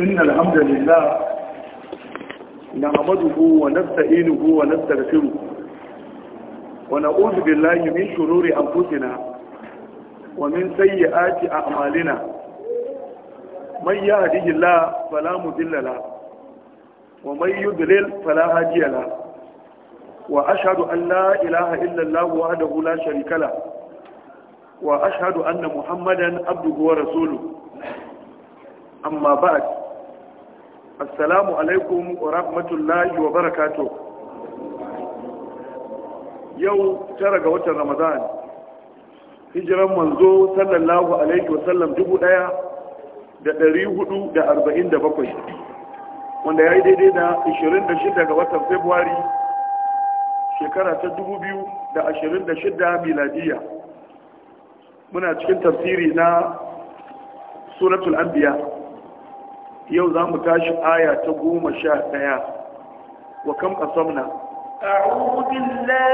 إن الحمد لله نعمده ونستعينه ونستغفره ونعوذ بالله من شرور أنفسنا ومن سيئات أعمالنا من يهده الله فلا مذل له ومن يضلل فلا هادي له وأشهد أن لا إله إلا الله وحده لا شريك له وأشهد أن محمدا عبده ورسوله أما بعد assalamu alaikum wa rahmatullahi wa barakato yau tara ga watan ramadan hijiran manzo sallallahu alaihi wasallam dubu daya da dari hudu da arba'in da bakwai wanda ya yi daidai da ashirin da shida ga watan februari shekara ta dubu biyu da ashirin da shida miladiya muna cikin tafsiri na suratul anbiya yau za آية تقوم aya ta وكم sha أعوذ wa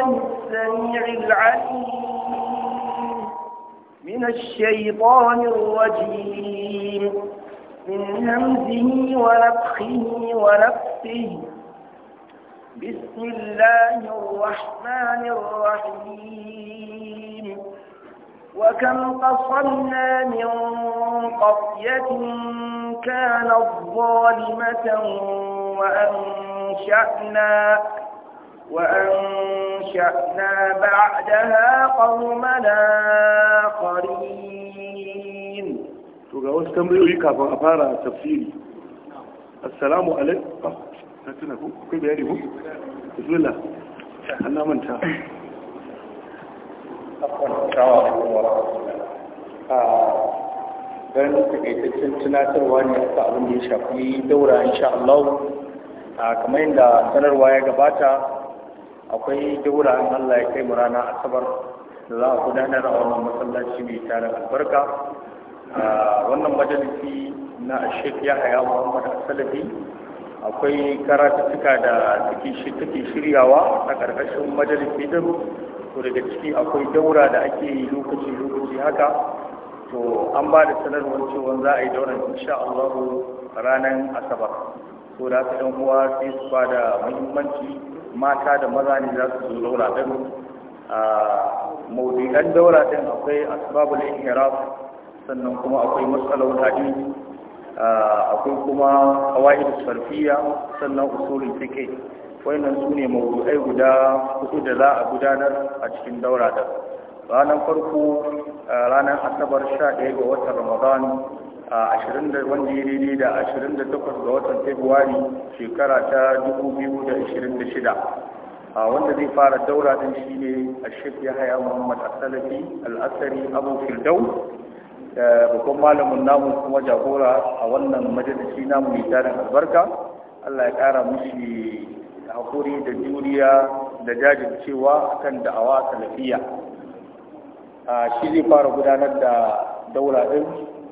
السميع العليم من الشيطان الرجيم من همزه ونفخه ونفسه بسم الله الرحمن الرحيم وكم قصمنا من قرية كانت ظالمة وأنشأنا وأنشأنا بعدها قومنا آخرين تقول تمريري كافة أفارة تفسيري السلام عليكم تتنكم آه، كيف يعني بسم الله أنا منتهى akwai tsawa ah, da kuma don takaitaccen tunatarwa ne ta abin da ya shafi daura insha Allah ah, kamar yadda sanarwa ya gabata akwai daura in Allah ya kai mu rana asabar da za a gudanar a wannan masallaci mai tarin albarka ah, wannan majalisi na ya Yahaya Muhammad Salafi akwai karatuttuka da take shiryawa a ƙarƙashin majalisi to daga ciki akwai daura da ake yi lokaci lokaci haka to an ba da sanarwar cewa za a yi dauran insha Allah ranar asabar to da haka ɗan uwa sai su ba muhimmanci mata da maza ne za su zo daura a maudu'an daura din akwai asbabul inhiraf sannan kuma akwai matsalar din akwai kuma kawai sarfiya sannan usulul fiqh wannan su ne mawudu'ai guda hudu da za a gudanar a cikin daura da ranar farko ranar asabar sha ɗaya ga watan ramadan a 20 wanda ya daidai da 28 ga watan februari shekara ta 2026 a wanda zai fara daura din shi ne a shirya haya muhammad asalafi al'asari abu firdau babban malamin namu kuma jagora a wannan majalisi namu mai tarin albarka allah ya kara mushi hakuri da juriya da jajircewa kan da'awa salafiya shi zai fara gudanar da daura ɗin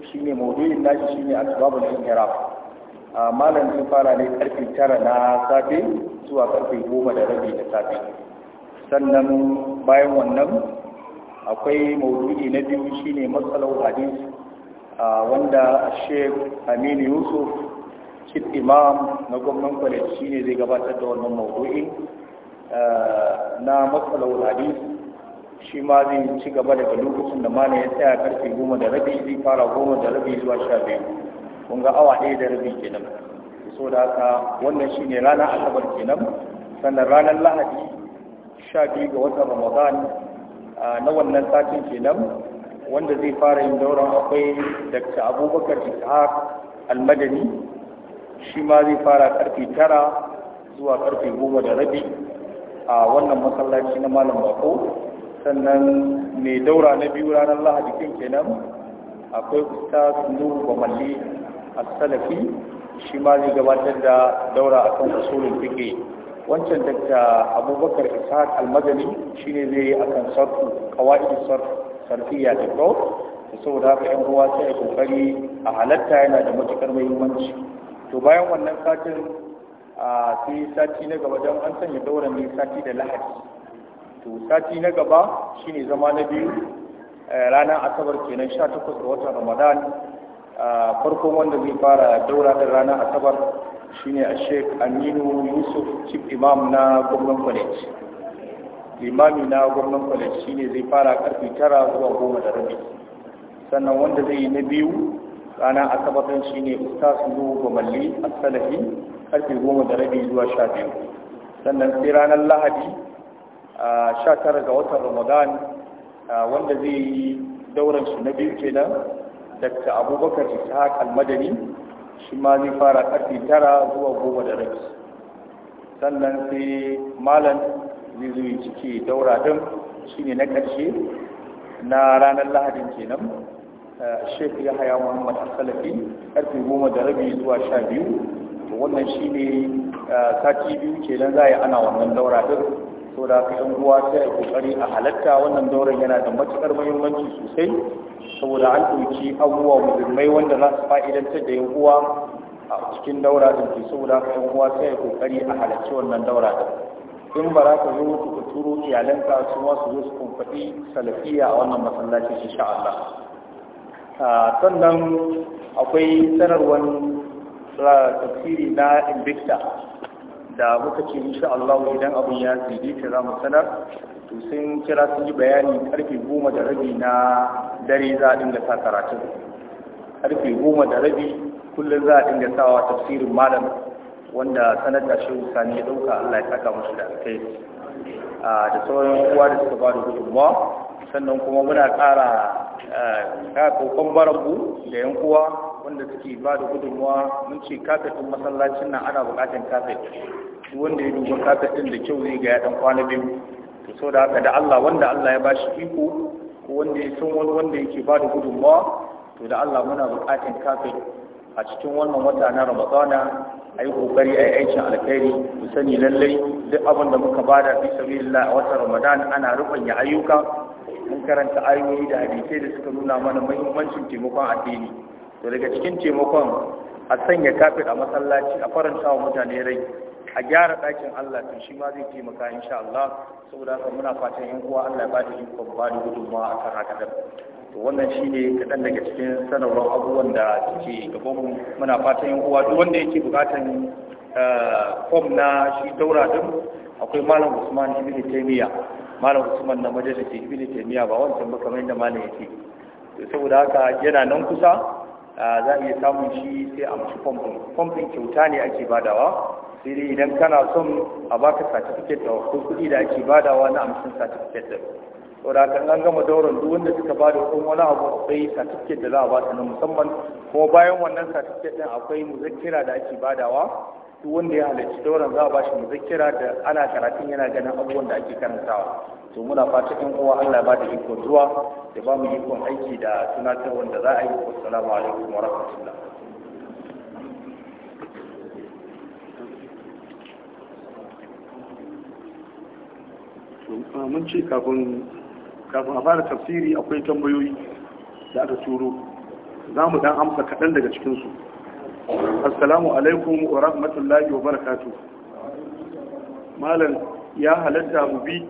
shi ne maudu'in nashi shi ne asbabul inhiraf malam zai fara ne karfe tara na safe zuwa karfe goma da rabi da safe sannan bayan wannan akwai maudu'i na biyu shi shine matsalar hadis wanda shek aminu yusuf chief imam na gwamnan college ne zai gabatar da wannan maudu'i eh, na matsalawar hadis shi ma zai ci gaba daga lokacin da mana ya tsaya karfe goma da rabi zai fara goma da rabi zuwa sha biyu kun ga awa ɗaya da rabi kenan so da haka wannan shi ne ranar asabar kenan sannan ranar lahadi sha biyu ga watan ramadan eh, na wannan satin kenan wanda zai fara yin dauran akwai dr abubakar ishaq almadani shi ma zai fara karfe tara zuwa karfe goma da rabi a wannan masallaci na malam bako sannan mai daura na biyu ranar lahadi kin kenan akwai kusa sunu ba malli a salafi shi ma zai gabatar da daura akan usulul fike? wancan dakta abubakar ishaq almadani ne zai yi akan sarfu qawaid sarf sarfiya da saboda haka yan ruwa sai kokari a halatta yana da matukar muhimmanci to bayan wannan satin a sai sati na gaba don an sanya daura ne sati da lahadi to sati na gaba shine zama na biyu eh, ranar asabar kenan 18 ga watan ramadan farkon wanda zai fara daura da ranar asabar shine a sheik aminu yusuf chief imam na gwamnan college limami na gwamnan college shine zai fara karfi tara zuwa goma da rabi sannan wanda zai yi na biyu rana asabatan shi shine ustaz nuhu gomalli a salafi karfe goma da rabi zuwa sha biyu sannan sai ranar lahadi a sha tara ga watan ramadan wanda zai yi dauran shi na biyu kenan dr abubakar ishaq madani shi ma zai fara karfe tara zuwa goma da rabi sannan sai malam zai zo cike daura shi shine na ƙarshe na ranar lahadin kenan Sheikh Yahaya Muhammad Asalafi karfe goma da rabi zuwa sha biyu wannan shi ne sati biyu kenan za a ana wannan daura din da aka yan uwa sai a kokari a halatta wannan dauran yana da matukar muhimmanci sosai saboda an ɗauki abubuwa muhimmai wanda za su fa'idantar da yan uwa a cikin daura din ke saboda yan uwa sai a kokari a halarci wannan daura din in ba za ka zo ku turo iyalanka su ma su zo su kumfaɗi salafiya a wannan masallaci insha Allah Ah, sannan akwai sanarwar ah, tafsiri na invicta da muka ce insha Allah idan abin ya ce za mu sanar to sun kira sun yi bayani karfe goma da rabi na dare za a dinga sa karatun karfe goma da rabi kullum za a dinga sawa tafsirin malam wanda sanar da shi sani ya dauka Allah ya saka mashi da alkhairi da sauran uwa da suka ba da gudunmawa sannan kuma muna ƙara kakakon barangu da yan uwa wanda suke ba da gudunmawa mun ce kakakin masallacin nan ana buƙatar kafet wanda ya duba kakakin da kyau zai ga ya ɗan kwana biyu to sau da haka da Allah wanda Allah ya bashi iko ko wanda ya san wani wanda yake ba da gudunmawa to da Allah muna buƙatar kafet a cikin wannan wata na Ramadana a yi kokari a yi aikin alkhairi mu sani lallai duk abin da muka bada fi sabilillah a watan ramadan ana rubanya ayyuka mun karanta ayoyi da hadisai da suka nuna mana muhimmancin taimakon addini to daga cikin taimakon a sanya kafir a masallaci a faranta wa mutane rai a gyara ɗakin Allah to shi ma zai taimaka insha Allah saboda haka muna fatan yan uwa Allah ya ba da ikon ba da gudunmawa kan haka da to wannan shine kaɗan daga cikin sanarwar abubuwan da suke gabanmu muna fatan yan uwa duk wanda yake bukatan eh, fom na shi daura din akwai malam Usman ibn Taymiya malam Usman na majalisar ibn Taymiya ba wancan ba kamar yadda malam yake saboda haka yana nan kusa za a iya samun shi sai a mashi fomfin fomfin kyauta ne ake badawa sai idan kana son a baka certificate da ko kuɗi da ake badawa na amshin certificate da to da kan an gama dauran duk wanda suka bada ko wani abu akwai certificate da za a ba ta na musamman ko bayan wannan satifiket din akwai muzakkira da ake badawa duk wanda ya halarci dauran za a ba shi muzakkira da ana karatun yana ganin abubuwan da ake karantawa to muna fata in uwa Allah ba da ikon zuwa da ba mu ikon aiki da tunatar wanda za a yi assalamu alaikum wa rahmatullah mun ce kafin kafin a fara tafsiri akwai tambayoyi da aka turo za mu dan amsa kaɗan daga cikinsu assalamu alaikum wa rahmatullahi wa barakatu malam ya halatta mu bi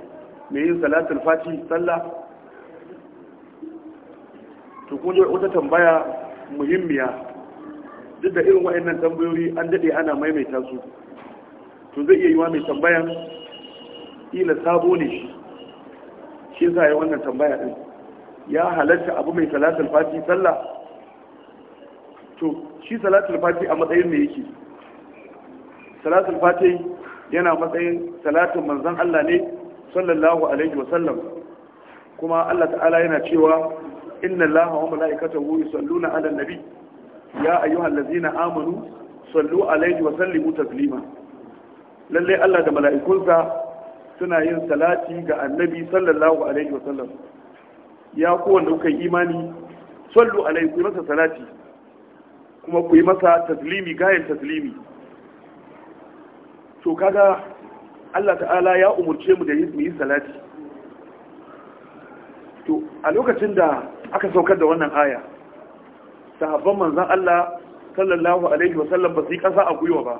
mai yin salatul fati sallah to kun wata tambaya muhimmiya duk da irin waɗannan tambayoyi an daɗe ana maimaita su to zai iya yiwa mai tambayan ila sabo ne shi shi za a yi wannan tambaya din ya halatta abu mai salatul fati sallah to shi salatul fati a matsayin me yake salatul fati yana matsayin salatin manzon Allah ne sallallahu alaihi wa sallam kuma Allah ta'ala yana cewa inna Allaha wa mala'ikatahu yusalluna 'alan nabi ya ayyuhallazina amanu sallu alaihi wa sallimu taslima lalle Allah da mala'ikunsa suna yin salati ga annabi sallallahu alaihi wa sallam ya kowanne kuka imani sallu alaihi masa salati kuma ku yi masa taslimi gayan taslimi to kaga Allah ta'ala ya umurce mu da yi salati to a lokacin da aka saukar da wannan aya sahabban manzan Allah sallallahu alaihi wasallam ba su yi kasa a gwiwa ba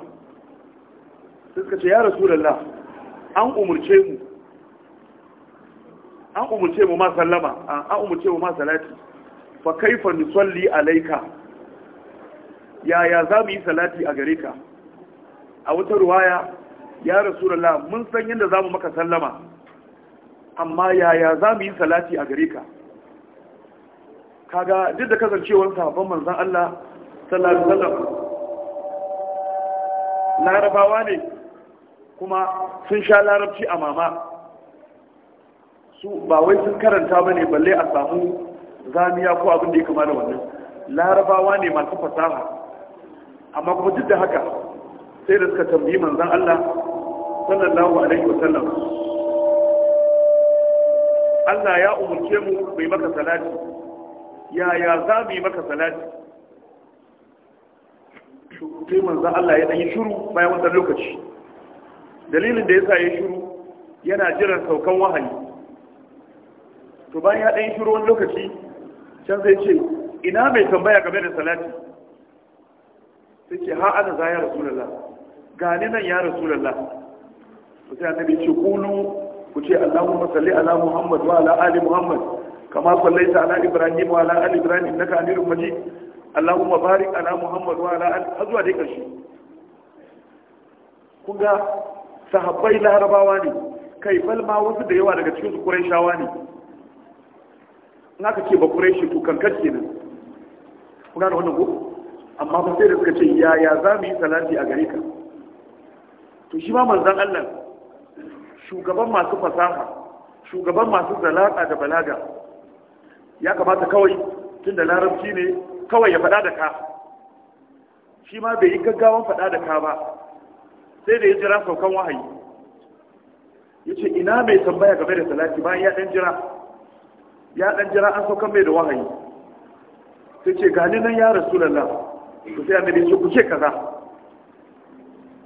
suka ce ya rasulullah an umurce mu an umurce mu ma sallama an umurce mu ma salati fa kaifa nusalli alayka yaya za mu yi salati a gare ka a wata ruwaya ya rasu rasulullah mun san yadda za mu maka sallama amma yaya za mu yi salati a gare ka kaga duk da kasancewar sabon manzan Allah sallallahu alaihi wasallam larabawa ne kuma sun sha larabci a mama su ba wai sun karanta bane balle a samu zamiya ko abin da ya kama da wannan larabawa ne masu fasaha amma kuma duk da haka sai da suka tambayi manzan Allah sallallahu alaihi wasallam Allah ya umurce mu bai maka salati yaya za mu yi maka salati sai manzan Allah ya yi shiru bayan wannan lokaci dalilin da yasa ya shiru yana jiran saukan wahayi to bayan ya ɗan shiru wannan lokaci can zai ce ina mai tambaya game da salati sai ce ha ana za ya rasulullah gani nan ya rasulullah ku sai annabi ce kunu ku ce allahumma salli ala muhammad wa ala ali muhammad kama sallaita ala ibrahim wa ala ali ibrahim innaka hamidum majid allahumma barik ala muhammad wa ala ali har zuwa dai karshe kun ga sahabbai larabawa ne kai ma wasu da yawa daga cikin su qurayshawa ne in aka ce ba qurayshi to kankan kenan kuna da wannan gobe amma ba sai da suka ce yaya za mu yi salati a gare ka to shi ma manzan Allah shugaban masu fasaha shugaban masu zalaka da balaga ya kamata kawai tun da larabci ne kawai ya faɗa da ka shi ma bai yi gaggawan faɗa da ka ba sai da ya jira saukan wahayi ya ce ina mai tambaya game da salati bayan ya ɗan jira ya dan jira an saukan mai da wahayi sai ce gani nan ya rasu lallah to sai annabi ce ku ce kaza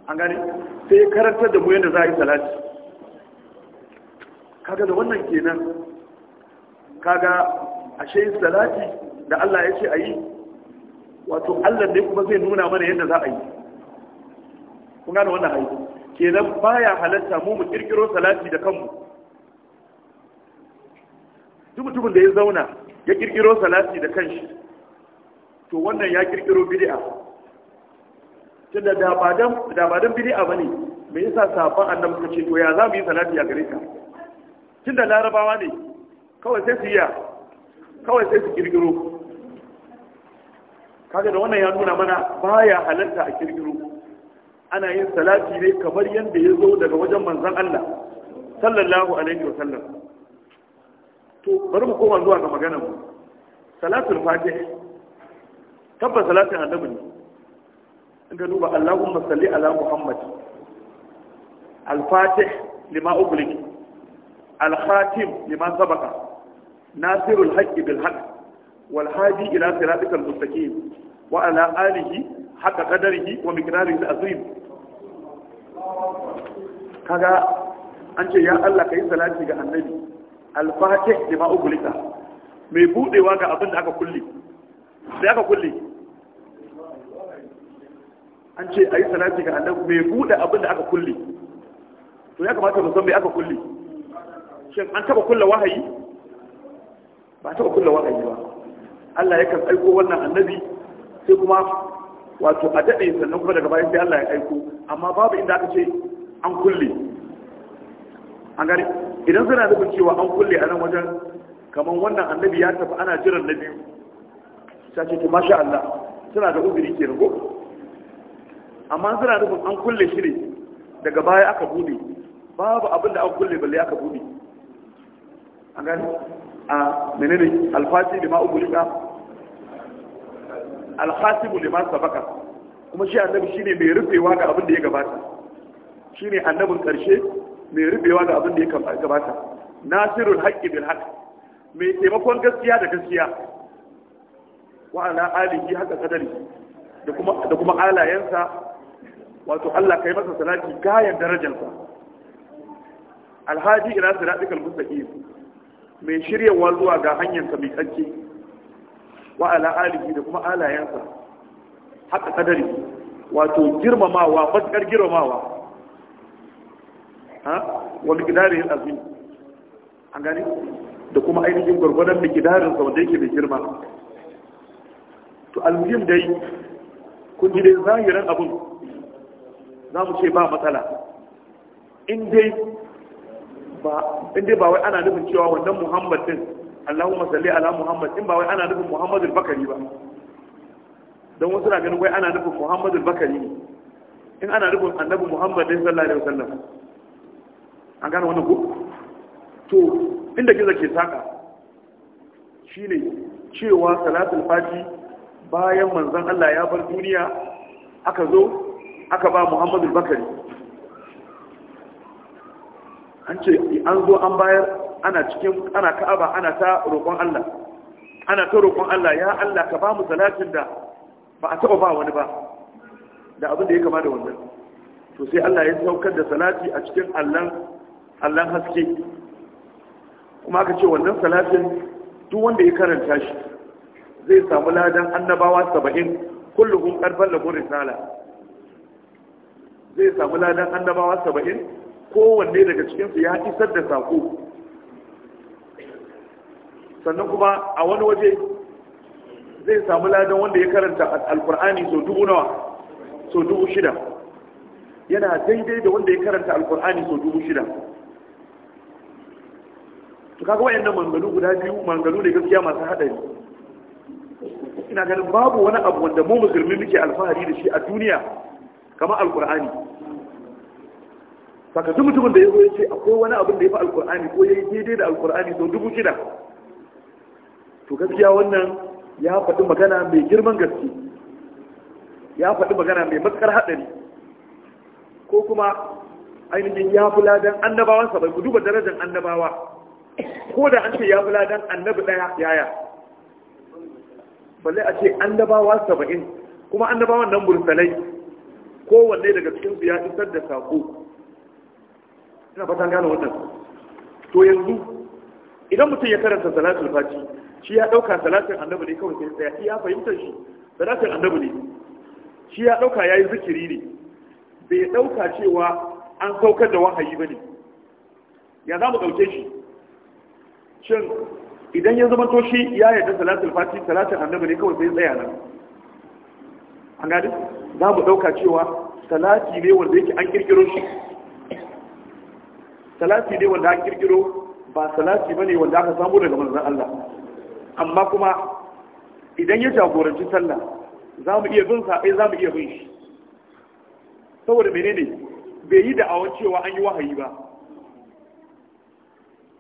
an gani. sai karantar da mu yadda za a yi salati kaga da wannan kenan kaga ashe salati da Allah ya ce a yi wato Allah ne kuma zai nuna mana yadda za a yi kun gano wannan hayi kenan baya halatta mu mu kirkiro salati da kanmu duk mutumin da ya zauna ya kirkiro salati da kanshi to wannan ya kirkiro bid'a tunda da ba dan da ba dan bid'a bane me yasa sahabban annabi suka ce to ya za mu yi salati a gare ka tunda larabawa ne kawai sai su yi kawai sai su kirkiro kaga da wannan ya nuna mana baya halarta a kirkiro ana yin salati ne kamar yadda ya zo daga wajen manzon Allah sallallahu alaihi wa sallam to bari mu koma zuwa ga maganar mu salatul fatih tabbas salatin annabi ne in ka duba Allahumma salli ala Muhammad al-fatih lima ughliq al-khatim lima Sabaka, nasirul haqqi bil haqq wal hadi ila siratikal mustaqim wa ala alihi haqqa qadarihi wa miqdarihi al-azim kaga an ce ya Allah kai salati ga annabi al-fatih lima ughliqa mai budewa ga abin da aka kulle sai aka kulle an ce a yi salati ga annabi mai buɗe abin da aka kulle to ya kamata mu san mai aka kulle shin an taɓa kulle wahayi ba taɓa kulle wahayi ba Allah ya kan aiko wannan annabi sai kuma wato a dade sannan kuma daga bayan sai Allah ya aiko amma babu inda aka ce an kulle an gari idan suna nufin cewa an kulle a nan wajen kamar wannan annabi ya tafi ana jiran na biyu ta ce to masha Allah suna da uzuri ke rago amma suna nufin an kulle shi ne daga baya aka bude babu abin da an kulle balle aka bude an gani a menene alfasi da ma'ubulika alhasibu da masu sabaka kuma shi annabi shi ne mai rufewa ga abin da ya gabata shi ne annabin ƙarshe mai rufewa ga abin da ya gabata nasirul haƙƙi bil haƙƙi mai taimakon gaskiya da gaskiya Wa'ana alihi haka kadari da kuma alayensa wato Allah kai masa salati gayar darajarsa alhaji ina ila siratikal mustaqim mai shiryawa zuwa ga hanyar sa mai tsanke wa ala alihi da kuma alayansa haka kadari wato girmamawa matsar girmamawa ha wa miqdarin azim an gani da kuma ainihin gurgurdan miqdarin sa wanda yake mai girma to almuhim dai kun ji dai zahirin abun za mu ce ba matsala in dai ba wai ana nufin cewa wannan muhammad din allahu masalli ala muhammad in ba wai ana nufin muhammad bakari ba don wasu na ganin wai ana nufin muhammad bakari ne in ana nufin annabi muhammad din sallallahu alaihi wasallam an gane wannan ko to inda gizo ke saka shine cewa salatul fati bayan manzon Allah ya bar duniya aka zo aka ba muhammadu bakari an ce an zo an bayar ana cikin ana ka'aba ana ta roƙon allah ana ta roƙon allah ya allah ka ba mu salatin da ba a taɓa ba wani ba da abin da ya kama da wannan to sai allah ya saukar da salati a cikin allan haske kuma aka ce wannan salatin duk wanda ya karanta shi zai samu ladan annabawa saba'in kullum karfan lagun risala zai samu ladan annabawa saba'in kowanne daga cikinsu ya isar da sako sannan kuma a wani waje zai samu ladan wanda ya karanta alkur'ani sau dubu nawa sau dubu shida yana daidai da wanda ya karanta alkur'ani sau dubu shida to kaga wayannan mangalu guda biyu mangalu ne gaskiya masu haɗari ina ganin babu wani abu wanda mu musulmi muke alfahari da shi a duniya kamar alkur'ani saka duk mutumin da ya zo ce akwai wani abin da ya fi alkur'ani ko ya yi daidai da alkur'ani sau dubu shida to gaskiya wannan ya faɗi magana mai girman gaske ya faɗi magana mai matsar haɗari ko kuma ainihin ya fi ladan annabawansa bai ku duba darajar annabawa ko da an ce ya fi ladan annabi ɗaya yaya balle a ce annabawa saba'in kuma annabawan nan mursalai. kowanne daga cikin su ya isar da sako ina fata gane wannan to yanzu idan mutum ya karanta salatul fati shi ya dauka salatin annabi ne kawai sai tsaya ya fahimtar shi salatin annabi ne shi ya dauka yayi zikiri ne bai dauka cewa an saukar da wahayi bane ya za mu dauke shi shin idan ya zama to shi ya yarda salatul fati salatin annabi ne kawai sai tsaya nan an gani za mu dauka cewa salati ne wanda yake an kirkiro shi salati ne wanda an kirkiro ba salati bane wanda aka samu daga manzon Allah amma kuma idan ya jagoranci sallah za mu iya bin sa eh, za mu iya bin shi saboda menene bai yi da'awan cewa an yi wahayi ba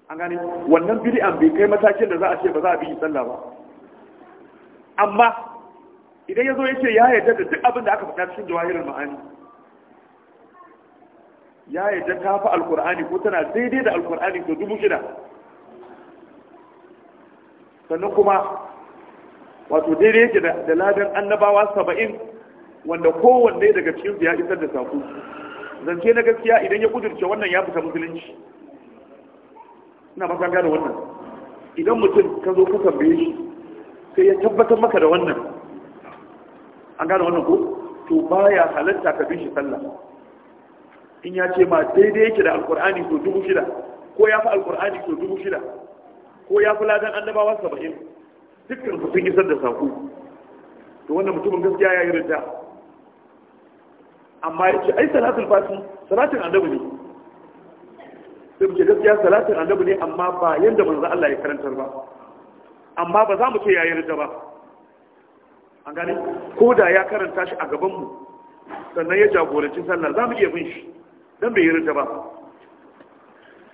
an gane wannan bid'an bai kai matakin da za a ce ba za a bi sallah ba amma idan ya zo ya ce ya yadda da duk abin da aka faɗa cikin jawahirar ma'ani ya yadda ta fi alkur'ani ko tana daidai da alkur'ani da dubu shida sannan kuma wato daidai yake da ladan annabawa saba'in wanda kowanne daga cikin ya isar da saƙo zance na gaskiya idan ya kudurce wannan ya fita musulunci ina ba san gane wannan idan mutum ka zo ka tambaye shi sai ya tabbatar maka da wannan an gane wannan ko to baya halatta ka bi shi sallah in ya ce ma daidai yake da alkur'ani to dubu shida ko ya fi alkur'ani to dubu shida ko ya fi ladan annabawa saba'in dukkan su sun isar da saƙo to wannan mutumin gaskiya ya yi rinta amma ya ce ai salatul fasi salatin annabi ne sai muke gaskiya salatin annabi ne amma ba yanda manzo Allah ya karantar ba amma ba za mu ce ya yi rinta ba an gane ko da ya karanta shi a gabanmu sannan ya jagoranci sallar za mu iya bin shi don bai rinta ba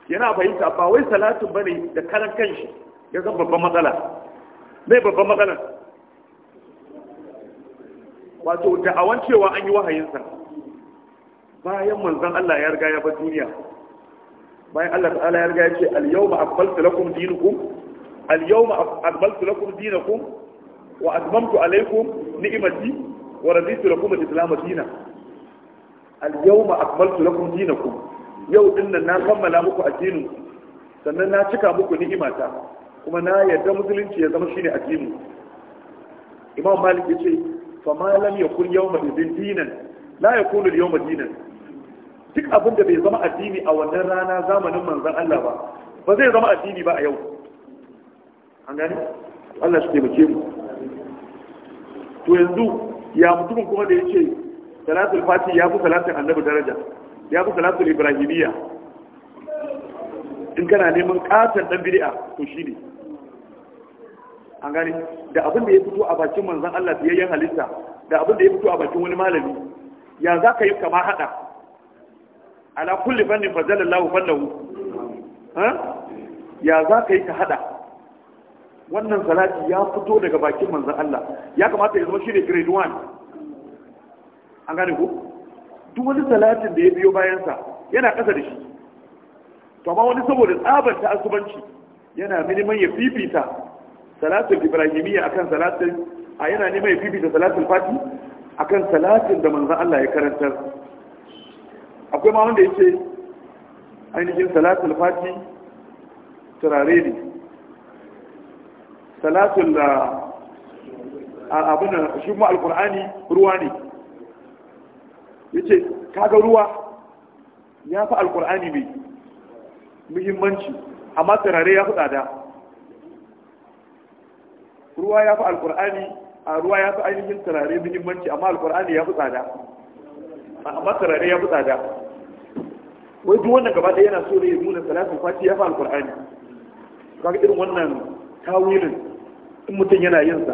yana fahimta ba wai salatin bane da karan kanshi ya zan babban matsala mai babban matsala wato da a cewa an yi wahayinsa bayan manzon Allah ya riga ya bar duniya bayan Allah ta'ala ya riga ya ce al-yawma akmaltu lakum dinakum al-yawma akmaltu lakum dinakum wa azmamtu alaikum ni'imati wa raditu lakum al-islam dinan al-yawma akmaltu lakum dinakum yau din nan na kammala muku addinin sannan na cika muku ni'imata kuma na yadda musulunci ya zama shine addini imam malik yace fa ma lam yakun yawma dinan la yakunu al-yawma dinan duk abin da bai zama addini a wannan rana zamanin manzon Allah ba ba zai zama addini ba a yau an gani Allah shi ke mu to yanzu ya mutumin kuma da ya ce salatul fati ya fi salatin annabi daraja ya fi salatul ibrahimiyya in kana neman katon dan bid'a to shine an gani? da abin da ya fito a bakin manzon Allah yayin halitta da abin da ya fito a bakin wani malami ya za ka yi kama hada ala kulli fannin fazalallahu fannahu ya za ka yi ka hada wannan salati ya fito daga bakin manzan Allah ya kamata ya zama shi ne grade 1 an gane ku duk wani salatin da ya biyo bayansa yana ƙasa da shi to amma wani saboda tsabar ta asubanci yana neman ya fifita salatin ibrahimiyya akan salatin a yana neman ya fifita salatin fati akan salatin da manzan Allah ya karantar akwai ma wanda ya ce ainihin salatin fati turare ne salatul da abin da shi ma alkur'ani ruwa ne yace kaga ruwa ya fi alkur'ani mai muhimmanci amma turare ya fi tsada ruwa ya fi alkur'ani a ruwa ya fi ainihin turare muhimmanci amma alkur'ani ya fi tsada amma turare ya fi tsada wai duk wannan gaba ɗaya yana so ne ya nuna salatul fati ya fi alkur'ani kaga irin wannan tawilin in mutum yana yin sa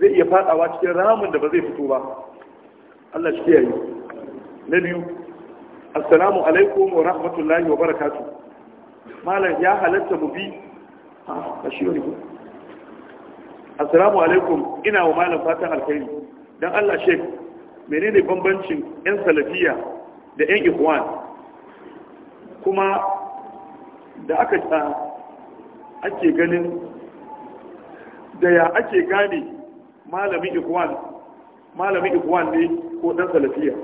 zai iya fadawa cikin ramin da ba zai fito ba Allah shi kiyaye na biyu assalamu alaikum wa rahmatullahi wa barakatuh malam ya halatta mu bi ah, a shi ne assalamu alaikum ina wa malam fatan alkhairi dan Allah shek menene bambancin yan salafiya da yan ikhwan kuma da aka ah, ake ganin da ya ake gane malamin ikwan malami ikwan ne ko dan salafiya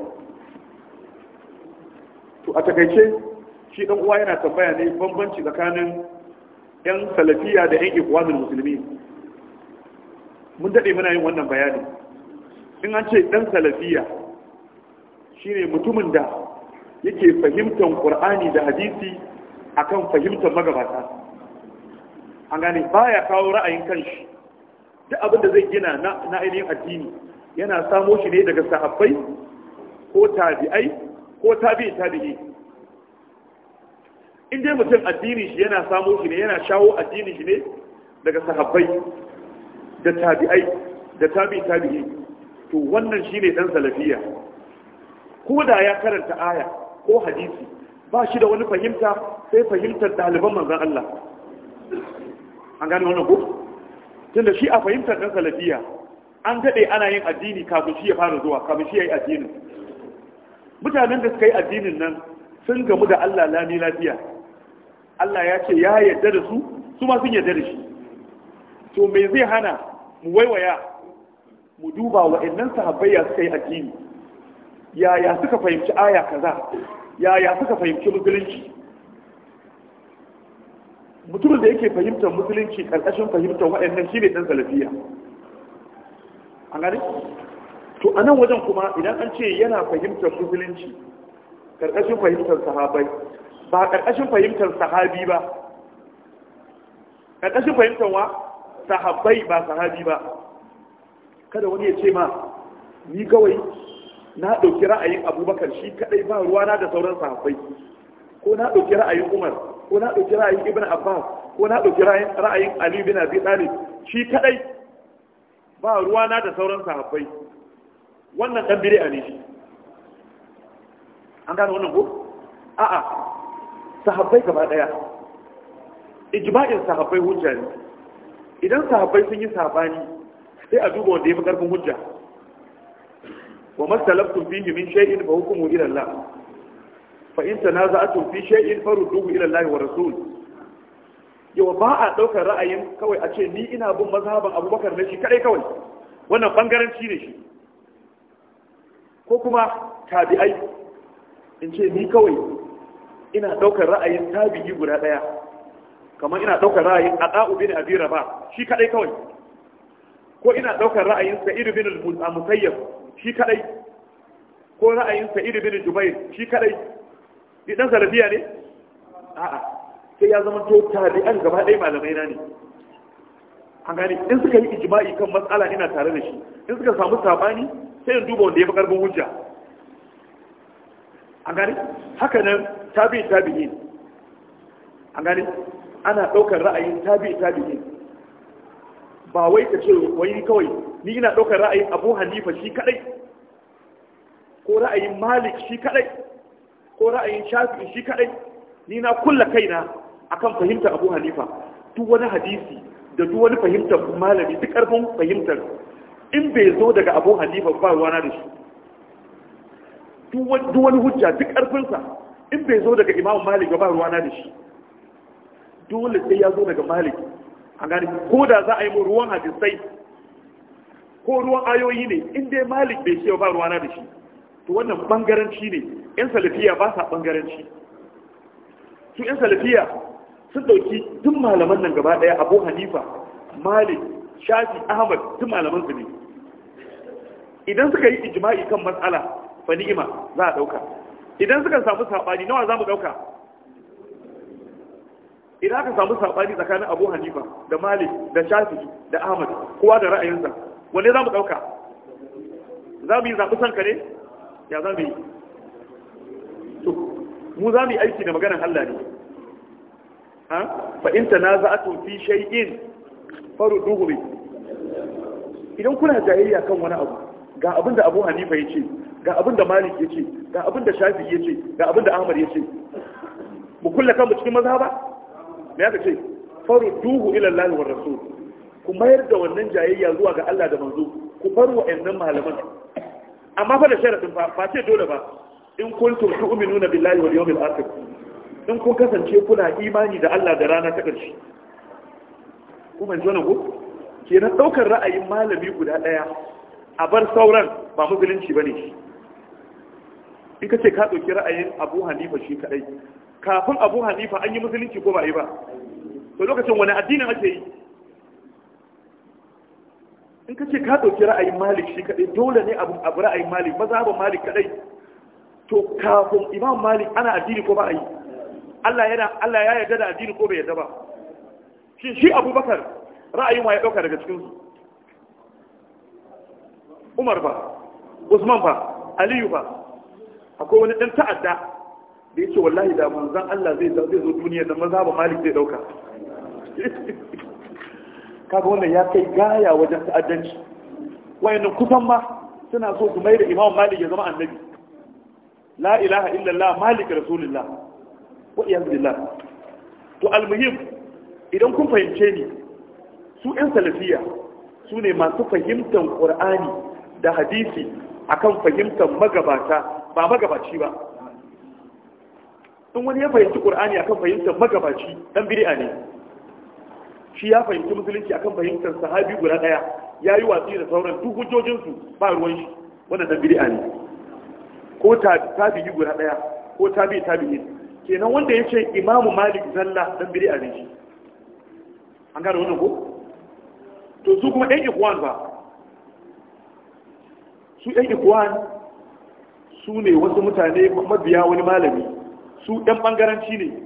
to a takaice shi dan uwa yana tambaya ne bambanci tsakanin yan salafiya da yan ikwanul musulmi mun dade muna yin wannan bayani in an ce dan salafiya shine mutumin da yake fahimtar qur'ani da hadisi akan fahimtar magabata an gane baya kawo ra'ayin kanshi duk abin da zai gina na ainihin addini yana samo shi ne daga sahabbai ko tabi'ai ko tabi'in tabi'i in dai mutum addini shi yana samo shi ne yana shawo addini shi ne daga sahabbai da tabi'ai da tabi'in tabi'i to wannan shi ne ɗan salafiya ko da ya karanta aya ko hadisi ba shi da wani fahimta sai fahimtar ɗaliban manzan Allah an gane wannan ko tunda shi a fahimtar ɗan salafiya an daɗe ana yin addini kafin shi ya fara zuwa kafin shi ya yi addinin mutanen da suka yi addinin nan sun gamu da Allah lami lafiya Allah ya ce ya yarda da su su ma sun yarda da shi to me zai hana mu waiwaya mu duba wa sahabbai ya suka yi addini yaya suka fahimci aya kaza yaya suka fahimci musulunci mutumin da yake fahimtar musulunci karkashin fahimtar waɗannan shi ne ɗan salafiya a gani to a nan wajen kuma idan an ce yana fahimtar musulunci karkashin fahimtar sahabai ba karkashin fahimtar sahabi ba karkashin fahimtar wa sahabai ba sahabi ba kada wani ya ce ma ni kawai na ɗauki ra'ayin abubakar shi kaɗai ba ruwana da sauran sahabai ko na ɗauki ra'ayin umar ko na ɗauki ra'ayin ibn abbas ko na ɗauki ra'ayin ali bin abi talib shi kadai ba ruwa na da sauran sahabbai wannan dan bire ne shi an gane wannan ko a'a sahabbai gaba daya ijma'in sahabbai hujja ne idan sahabbai sun yi sabani sai a duba wanda ya fi karfin hujja wa masalaftu fihi min shay'in fa hukmu ila Allah fa in tanaza'atum fi shay'in farudduhu ila Allah wa rasul yawa ba a daukar ra'ayin kawai a ce ni ina bin mazhaban Abubakar ne shi kadai kawai wannan bangaranci ne shi ko kuma tabi'ai in ce ni kawai ina daukar ra'ayin tabi'i guda daya kamar ina daukar ra'ayin Ada'u bin Abi Rabah shi kadai kawai ko ina daukar ra'ayin Sa'id bin al-Musayyab shi kadai ko ra'ayin Sa'id bin Jubair shi kadai ni dan salafiya ne a'a sai ya zama to tabi'an gaba ɗaya malamai na ne an gane in suka yi ijma'i kan matsala ina tare da shi in suka samu sabani sai in duba wanda ya fi karfin hujja an gane haka nan tabi tabi'in an gane ana ɗaukar ra'ayin tabi tabi'in ba wai ka ce wai kawai ni ina ɗaukar ra'ayin abu hanifa shi kaɗai? ko ra'ayin malik shi kaɗai? ko ra'ayin shafi shi kadai ni na kulla kaina akan fahimtar abu hanifa duk wani hadisi da duk wani fahimtar malami duk karfin fahimtar in bai zo daga abu hanifa ba ruwana da shi duk wani hujja duk ƙarfinsa in bai zo daga imamu malik ba ruwana da shi dole sai ya zo daga malik a gani ko da za a yi ruwan hadisai ko ruwan ayoyi ne in dai malik bai ce ba ruwana da shi to wannan bangaranci ne yan salafiya ba sa bangaranci su yan salafiya sun dauki duk malaman nan gaba daya abu hanifa malik shafi ahmad duk malaman su ne idan suka yi ijma'i kan matsala fa ni'ima za a dauka idan suka samu sabani nawa za mu dauka idan aka samu sabani tsakanin abu hanifa da malik da shafi da ahmad kowa da ra'ayinsa wanne za mu dauka za mu yi zaɓi sanka ne ya za mu yi mu za mu yi aiki da maganar Allah ne fa in tanaza'atum fi shay'in faru bi idan kuna jayayya kan wani abu ga abin da Abu Hanifa yace ga abin da Malik yace ga abin da Shafi yace ga abin da Ahmad yace mu kulle kanmu cikin mazhaba me aka ce farudduhu ila Allah wa rasul ku mayar da wannan jayayya zuwa ga Allah da manzo ku bar wa'annan malaman amma fa da sharadin fa ba ce dole ba in kuntum tu'minuna billahi wal yawmil akhir in kun kasance kuna imani da Allah da rana ta ƙarshe ku ban jona ku kenan daukar ra'ayin malami guda daya a bar sauran ba musulunci bane shi in ka ce ka ɗauki ra'ayin abu hanifa shi kaɗai kafin abu hanifa an yi musulunci ko ba yi ba to lokacin wani addinin ake yi in ka ce ka ɗauki ra'ayin malik shi kaɗai dole ne abu ra'ayin malik maza ba malik kaɗai to kafin imam malik ana addini ko ba a yi allah ya yarda da addini ko bai yarda ba shi shi abubakar ra'ayin wa ya ɗauka daga cikinsu umar ba usman ba aliyu ba akwai wani ɗan ta'adda da ya ce wallahi da manzan allah zai zo duniya da maza ba malik zai ɗauka kaga wannan ya kai gaya wajen ta'addanci wayannan kusan ma suna so su mai da imam malik ya zama annabi la ilaha illallah malik rasulillah wa to almuhim idan kun fahimce ni su ɗan salafiya su ne masu fahimtar ƙur'ani da hadisi akan fahimtar magabata ba magabaci ba in wani ya fahimci ƙur'ani akan fahimtar magabaci ɗan bid'a ne shi ya fahimci musulunci akan fahimtar sahabi guda ɗaya ya yi watsi da sauran duk hujjojinsu ba ruwan shi wannan dan bid'a ne ko yi guda daya ko ta tabi'in kenan wanda ya ce imamu malik zalla dan biri a shi an gane wannan ko to su kuma ɗan ikwan ba su ɗan ikwan su ne wasu mutane mabiya wani malami su ɗan ɓangaranci ne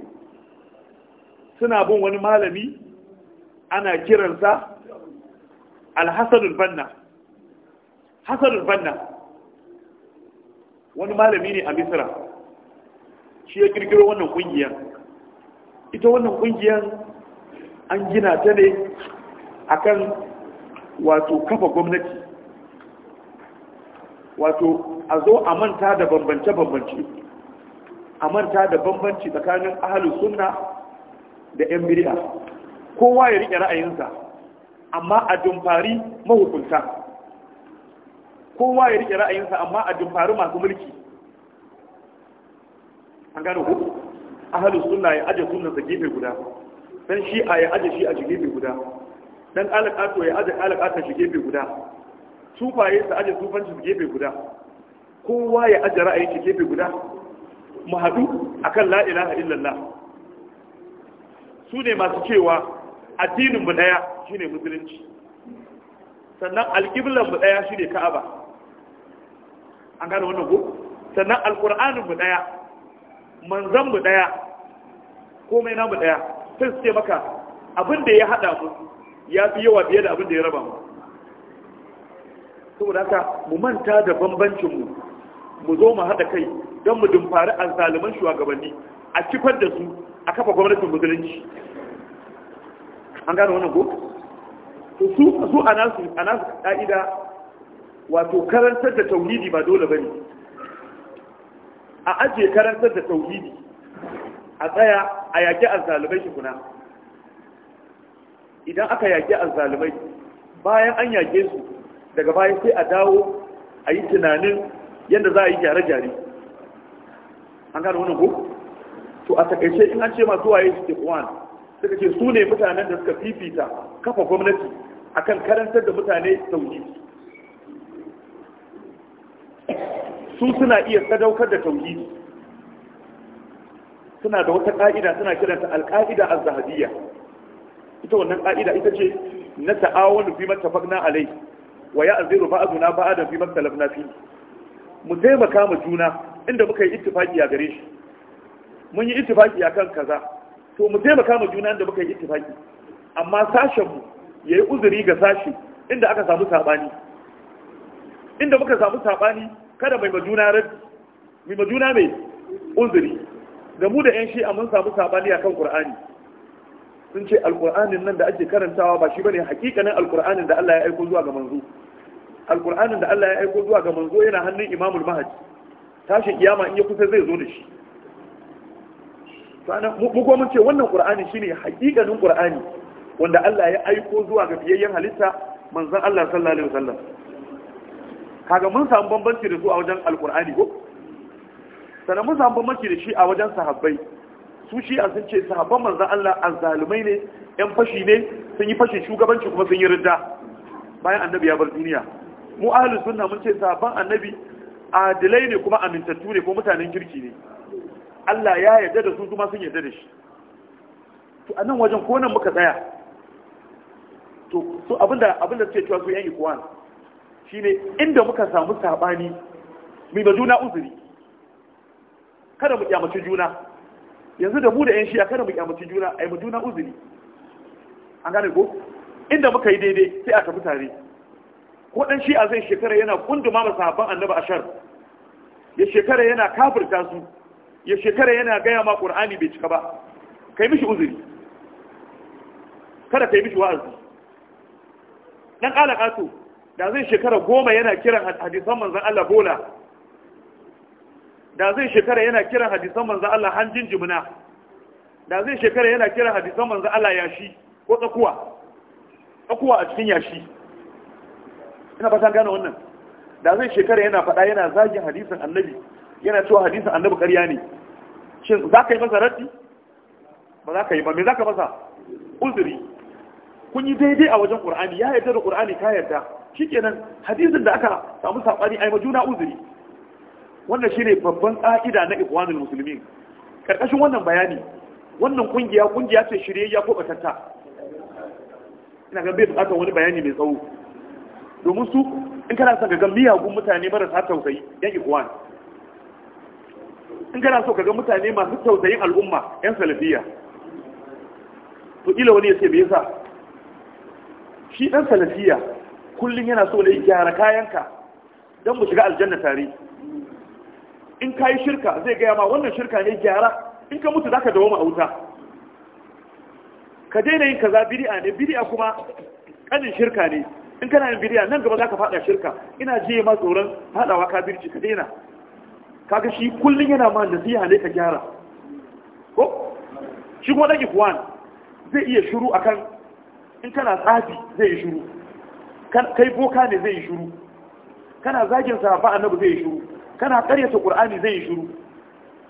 suna bin wani malami ana kiransa al banna al banna wani malami ne a misira shi ya kirkiro wannan kungiyar ita wannan kungiyar an gina ta ne kan wato kafa gwamnati wato a zo a manta da bambance-bambance a manta da bambanci tsakanin ahalin suna da 'yan biri'a kowa ya riƙe ra'ayinsa amma a dumfari mahukunta kowa ya rike ra'ayinsa amma a jumfari masu mulki an gano ku ahalu sunna ya aje sunnan sa gefe guda dan shi'a ya aje shi a gefe guda dan alaqato ya aje alaqata shi gefe guda sufaye su aje sufanci su gefe guda kowa ya aje ra'ayin shi gefe guda mu hadu akan la ilaha illallah su ne masu cewa addinin mu daya shine musulunci sannan alqiblan mu daya shine ka'aba an gane wannan ko sannan alkur'anin mu daya manzan mu daya komai namu daya sai su ce maka abin da ya hada mu ya fi yawa biye da abin da ya raba mu saboda haka mu manta da bambancin mu mu zo mu hada kai don mu dumfari alzaliman shugabanni a cikin da su a kafa gwamnatin musulunci an gane wannan ko su a nasu ka'ida wato karantar da tauhidi ba dole bane a ajiye karantar da tauhidi a tsaya a yaƙi azzalibai shi kuna idan aka yaƙi azzalumai bayan an yaƙe su daga bayan sai a dawo a yi tunanin yadda za a yi gyare-gyare an gano wani ko? to a takaice in an ce masu waye su tekuwan suka ce su ne mutanen da suka fifita kafa gwamnati akan karantar da mutane tauhidi su suna iya sadaukar da tauhidi suna da wata ka'ida suna kiranta alƙa'ida az-zahabiyya ita wannan ka'ida ita ce na ta'awun fi mattafaqna alai wa ya'ziru ba'duna ba'dan fi mattalafna fi mu taimaka mu juna inda muka yi ittifaki a gare shi mun yi ittifaki akan kaza to mu taimaka mu juna inda muka yi ittifaki amma sashen mu yayi uzuri ga sashi inda aka samu sabani inda muka samu sabani kada mai majuna rad mai majuna mai uzuri da mu da yan a mun samu sabani kan qur'ani sun ce alqur'anin nan da ake karantawa ba shi bane hakikanin alqur'anin da Allah ya aiko zuwa ga manzo alqur'anin da Allah ya aiko zuwa ga manzo yana hannun imamul mahdi tashi kiyama in ya kusa zai zo da shi mu kuma ce wannan qur'ani shine hakikanin qur'ani wanda Allah ya aiko zuwa ga biyayyen halitta manzon Allah sallallahu alaihi wasallam kaga mun samu bambanci da su a wajen alkur'ani ko sannan mun samu bambanci da shi a wajen sahabbai su shi a sun ce sahabban manzan Allah azzalumai ne yan fashi ne sun yi fashi shugabanci kuma sun yi ridda bayan annabi ya bar duniya mu ahli sunna mun ce sahabban annabi adilai ne kuma amintattu ne ko mutanen kirki ne Allah ya yarda da su kuma sun yarda da shi to anan wajen ko nan muka tsaya to so abinda abinda suke cewa su yan ikwan shine inda muka samu sabani mu ba juna uzuri kada mu kyamaci juna yanzu da mu da yan shi'a kada mu kyamaci juna yi mu juna uzuri an gane ko inda muka yi daidai sai a tafi tare ko dan a zai shekara yana kunduma ma sahabban annabi ashar ya shekara yana kafirta su ya shekara yana gaya ma qur'ani bai cika ba kai mishi uzuri kada kai mishi wa'azi dan kala kato da zai shekara goma yana kiran hadisan manzan Allah bola da zai shekara yana kiran hadisan manzan Allah hanjin jimina da zai shekara yana kiran hadisan manzan Allah yashi ko tsakuwa tsakuwa a cikin yashi ina fatan gane wannan da zai shekara yana faɗa yana zagin hadisan annabi yana cewa hadisan annabi ƙarya ne shin za ka yi masa raddi ba za ka yi ba me za ka masa uzuri kun yi daidai a wajen ƙur'ani ya yarda da ƙur'ani ka yarda shikenan hadisin da aka samu sabani ai majuna uzuri wannan shine babban ƙa'ida na ikwanul muslimin karkashin wannan bayani wannan kungiya kungiya ce shiryayya ko batatta ina ga bai bukatar wani bayani mai tsawo domin su in kana son ga miyagun mutane marasa tausayi yan ikwan in kana so ka ga mutane masu tausayin al'umma yan salafiya to ila wani ya ce me yasa shi dan salafiya kullum yana so da gyara kayanka don mu shiga aljanna tare in ka yi shirka zai gaya ma wannan shirka ne gyara in ka mutu za ka dawo ma'auta ka daina yin kaza biri'a ne biri'a kuma kanin shirka ne in kana yin biri'a nan gaba za ka fada shirka ina je ma tsoron ka birci ka daina kaga shi kullum yana ma nasiha ne ka gyara ko shi kuma dan ikwan zai iya shiru akan in kana tsafi zai yi shiru kai boka ne zai yi shiru kana zagin safa annabi zai yi shiru kana karyata qur'ani zai yi shiru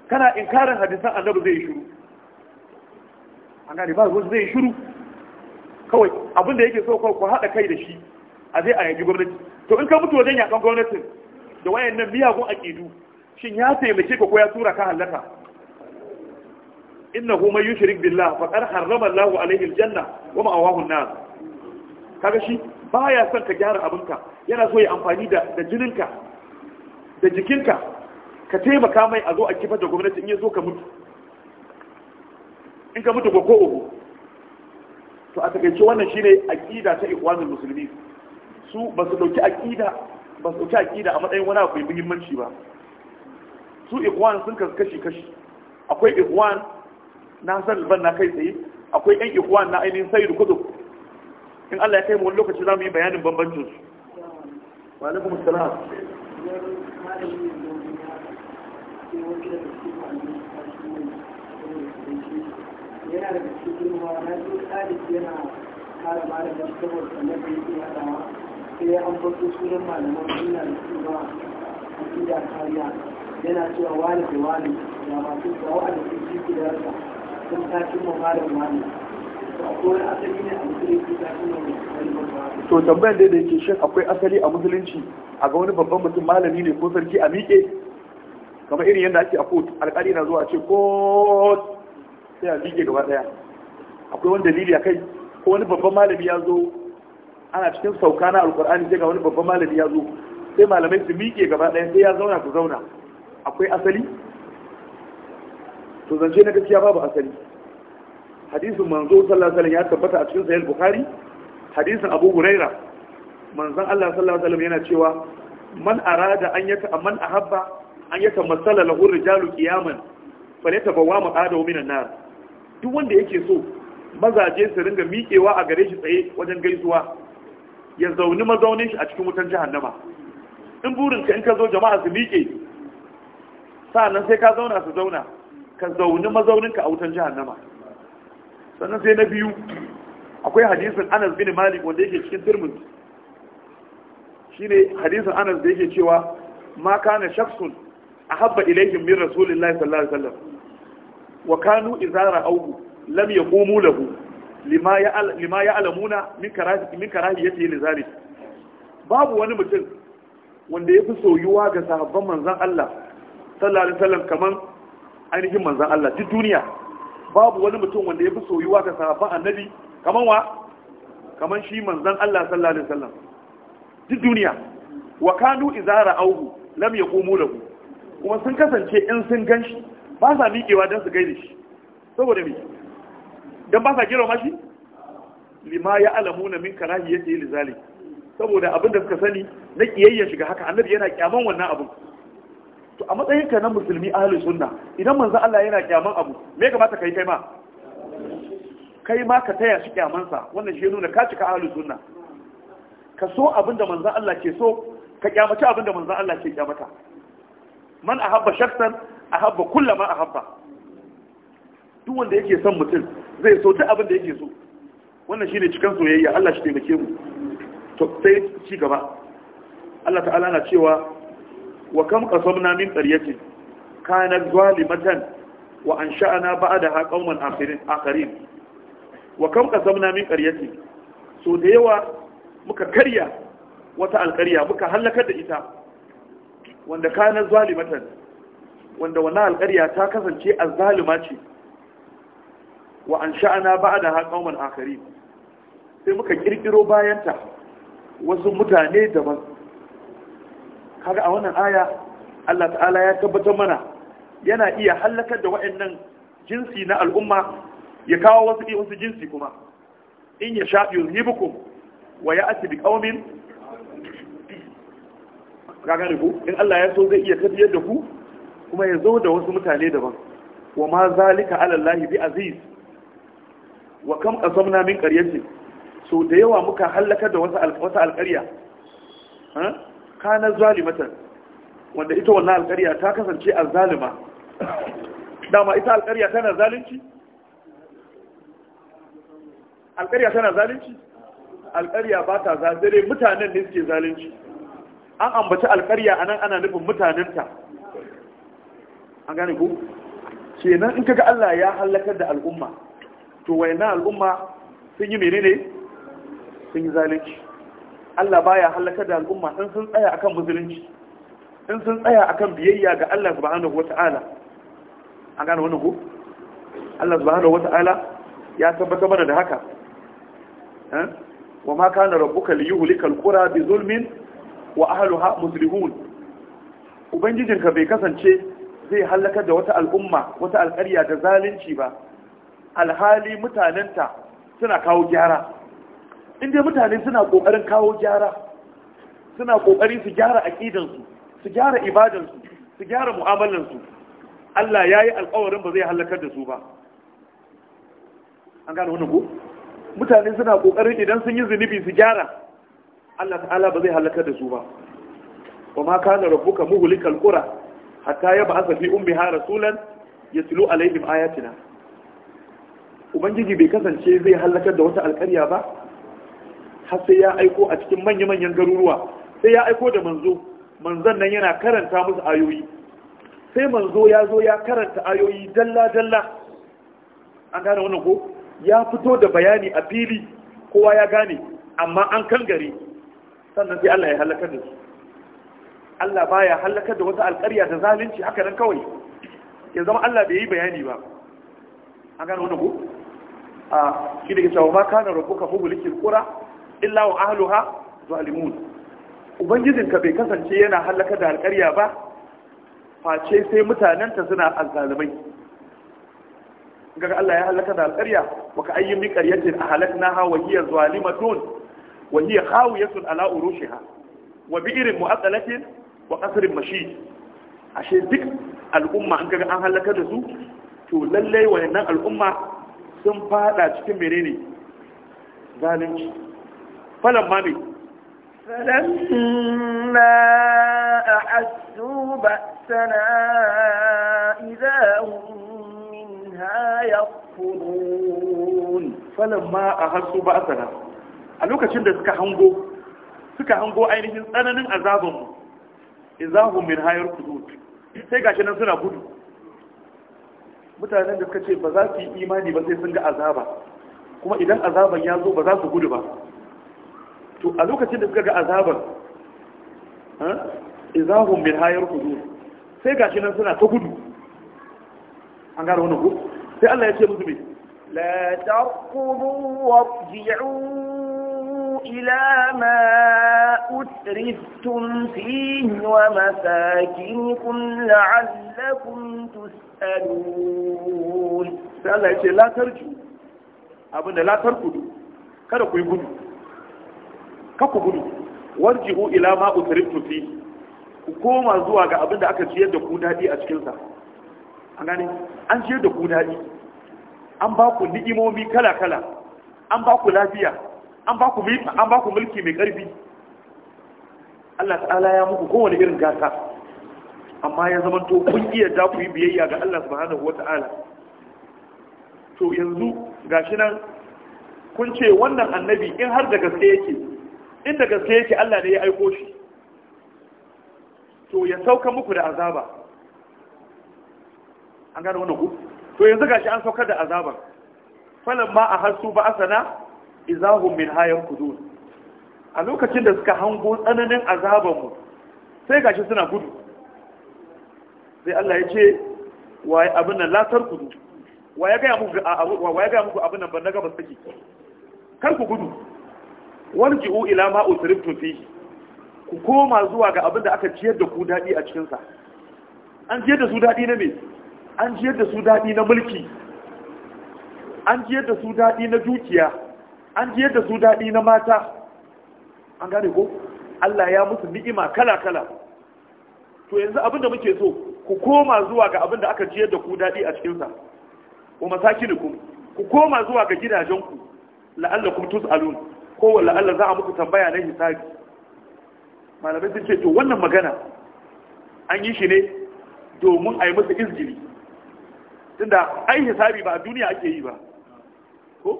kana inkarin hadisan annabi zai yi shiru an gane ba ruwan zai yi shiru kawai abin da yake so kawai ku haɗa kai da shi a zai a yaji gwamnati to in ka mutu wajen yakan gwamnati da wayan nan miyagun aƙidu shin ya taimake ka ko ya tura ka hallaka innahu man yushrik billah faqad harrama Allahu alayhi aljanna wa ma'awahu an-nar kaga shi baya son ka gyara abinka yana so ya amfani da da jininka da jikinka ka taimaka mai a zo a kifa da gwamnati in ya zo ka mutu in ka mutu ko ko uku to a takaice wannan shine aqida ta ikwanin musulmi su ba su dauki aqida ba su dauki aqida a matsayin wani abu mai muhimmanci ba su ikwan sun kasu kashi kashi akwai ikwan na san ban na kai tsaye akwai yan ikwan na ainihin sayyidu kudu in Allah ya kai mu wani lokaci za mu yi bayanin bambancin su wa alaikum assalam yana da cikin wa na ji tsari yana kare malamin saboda kamar da yake hadawa sai an bato sunan malaman suna da su ba a gida kariya yana cewa wani da wani da masu tsawo a da su ji gidansa sun ta cimma malam wani to tambayar da yake shin akwai asali a musulunci a ga wani babban mutum malami ne ko sarki a miƙe kamar irin yadda ake a kot alƙali na zuwa ce ko sai a miƙe gaba ɗaya akwai wani dalili a kai ko wani babban malami ya zo ana cikin sauka na alƙur'ani sai ga wani babban malami ya zo sai malamai su miƙe gaba ɗaya sai ya zauna ku zauna akwai asali to zance na gaskiya babu asali hadisin manzo sallallahu alaihi ya tabbata a cikin sahih bukhari hadisin abu huraira manzon Allah sallallahu alaihi yana cewa man arada an yata man ahabba an yata masala lahu rijalu qiyaman falyatabawa maqadahu minan nar duk wanda yake so mazaje su ringa miƙewa a gare shi tsaye wajen gaisuwa ya zauni mazaunin shi a cikin wutan jahannama in burinka in ka zo jama'a su miƙe sa'annan sai ka zauna su zauna ka zauni mazauninka a wutan jahannama sannan sai na biyu akwai hadisin anas bin malik wanda yake cikin turmin shi ne hadisin anas da yake cewa ma kana shaksun a habba ilaikin min rasulillahi sallallahu alaihi wasallam wa kanu izara auhu lam yaqumu lahu lima lima ya alamuna min karahi ya karahi yace zari babu wani mutum wanda ya fi soyuwa ga sahabban manzan Allah sallallahu alaihi wasallam ainihin manzan Allah duk duniya babu wani mutum wanda ya fi soyuwa ga sahabban annabi kaman wa kaman shi manzon Allah sallallahu alaihi wasallam duk duniya wa kanu izara auhu lam yaqumu lahu kuma sun kasance in sun ganshi ba sa miƙewa don su gaida shi saboda me dan ba sa kira mashi, lima ya alamuna min karahiyati li zalik saboda abin da suka sani na kiyayya shiga haka annabi yana kyaman wannan abun. to a matsayin ka na musulmi ahli sunna idan manzo Allah yana kyaman abu me ya kamata kai kai ma kai ma ka taya shi kyaman sa wannan shi nuna ka cika ahli sunna ka so abinda manzo Allah ke so ka kyamaci abinda manzo Allah ke kyamata man ahabba shaksan ahabba kullama ahabba duk wanda yake son mutum zai so duk abinda yake so wannan shine cikan soyayya Allah shi taimake mu to sai ci gaba Allah ta'ala na cewa wa kam qasamna min qaryatin kanat zalimatan wa ansha'na ba'daha qauman akhirin akharin wa kam qasamna min qaryatin so da yawa muka karya wata alƙarya muka halaka da ita wanda kanat zalimatan wanda wannan alƙarya ta kasance azzalima ce wa ansha'na ba'daha qauman akharin sai muka kirkiro bayanta wasu mutane daban kaga a wannan aya Allah ta'ala ya tabbatar mana yana iya halakar da wa'annan jinsi na al'umma ya kawo wasu wasu jinsi kuma in ya shafi yuzhibukum wa ya'ti bi qaumin kaga ku in Allah ya so zai iya tafiyar da ku kuma ya zo da wasu mutane daban wa ma zalika ala Allah bi aziz wa kam qasamna min qaryatin so da yawa muka halaka da wasu alƙarya kana zalimatan wanda ita wannan alƙarya ta kasance azzalima dama ita alƙarya tana zalunci alƙarya tana zalunci alƙarya ba ta zazire mutanen ne suke zalunci an ambaci alƙarya anan ana nufin mutanenta an gane ku kenan in kaga Allah ya halakar da al'umma to na al'umma sun yi menene sun yi zalunci Allah baya halakar da al'umma in sun tsaya akan musulunci in sun tsaya akan biyayya ga Allah subhanahu wata'ala an gane wannan ko Allah subhanahu wata'ala ya tabbata mana da haka eh? wa ma kana rabbuka liyuhlika alqura bi zulmin wa ahliha muslihun ubangijinka bai kasance zai halakar da wata al'umma wata alƙarya da zalunci ba alhali mutanenta suna kawo gyara inda mutane suna ƙoƙarin kawo gyara suna ƙoƙari su gyara aƙidansu su gyara ibadansu su gyara mu'amalansu Allah ya yi alƙawarin ba zai halakar da su ba an gane wani ko mutane suna ƙoƙarin idan sun yi zunubi su gyara Allah ta'ala ba zai halakar da su ba wa ma kana rabbuka muhlikal qura hatta yab'atha fi ummiha rasulan yatlu alaihim ayatina ubangiji bai kasance zai halakar da wata alƙarya ba har sai ya aiko a cikin manya-manyan garuruwa sai ya aiko da manzo manzon nan yana karanta musu ayoyi sai manzo ya zo ya karanta ayoyi dalla-dalla an gane wannan ko ya fito da bayani a fili kowa ya gane amma an kan gari sannan sai Allah ya halaka da su Allah baya halaka da wata alƙarya da zalunci haka nan kawai ya zama Allah bai yi bayani ba an gane wannan ko a shi da ke cewa ma kana rabbuka fi mulkil illa wa ahluha zalimun ka bai kasance yana halaka da alƙarya ba face sai mutanenta suna azzalimai ga Allah ya halaka da alƙarya wa ka ayyin min qaryatin ahlaknaha wa hiya zalimatun wa hiya khawiyatun ala urushiha wa bi'irin mu'aqqalatin wa qasrin mashid ashe duk al'umma an kaga an halaka da su to lallai wayannan al'umma sun fada cikin menene zalunci falan بي me فلما أحسوا بأسنا إذا هم منها يصفرون فلما أحسوا بأسنا ألوك lokacin سكا هنغو سكا هنغو hango ainihin tsananin azabinmu izahun min hayar kudud sai gashi nan suna gudu mutanen da suka ce ba za su yi imani ba sai sun ga azaba kuma idan azaban ya zo ba za su gudu ba to a lokacin da suka ga azabar izahun min hayar ku zuwa sai gashi nan suna ta gudu an gara wani ko sai Allah ya ce musu me la wa warji'u ila ma utriftum fihi wa masakinikum la'allakum tus'alun sai Allah ya ce la tarju abinda la tarqudu kada ku yi gudu ka ku gudu warji'u ila ma utriftu fi ku koma zuwa ga abin da aka ciyar da ku dadi a cikin sa an gane an ciyar da ku dadi an ba ku ni'imomi kala kala an ba ku lafiya an ba ku mulki an ba ku mulki mai karfi Allah ta'ala ya muku kowane irin gata amma ya zama to kun iya da ku yi biyayya ga Allah subhanahu wata'ala to yanzu gashi nan kun ce wannan annabi in har da gaske yake inda gaske yake Allah ne ya aiko shi to ya sauka muku da azaba an gane wannan ku to yanzu gashi an saukar da azaban falan ma a hasu ba asana izahum min hayan kudun a lokacin da suka hango tsananin azaban mu sai gashi suna gudu sai Allah ya ce waye abin nan latar kudu waye ga muku waye ga muku abin nan ban daga ba saki kar ku gudu warji'u ila ma usriftum tufi, ku koma zuwa ga abin da aka ciyar da ku daɗi a cikinsa. an ciyar da su daɗi na me an ciyar da su daɗi na mulki an ciyar da su daɗi na dukiya an ciyar da su daɗi na mata an gane ko Allah ya musu ni'ima kala kala to yanzu abin da muke so ku koma zuwa ga abin da aka ciyar da ku daɗi a cikinsa. sa wa masakinukum ku koma zuwa ga gidajenku la'allakum tus'alun ko wala Allah za a muku tambaya na hisabi malamai sun ce to wannan magana an yi shi ne domin a yi musu izgili tunda yi hisabi ba a duniya ake yi ba ko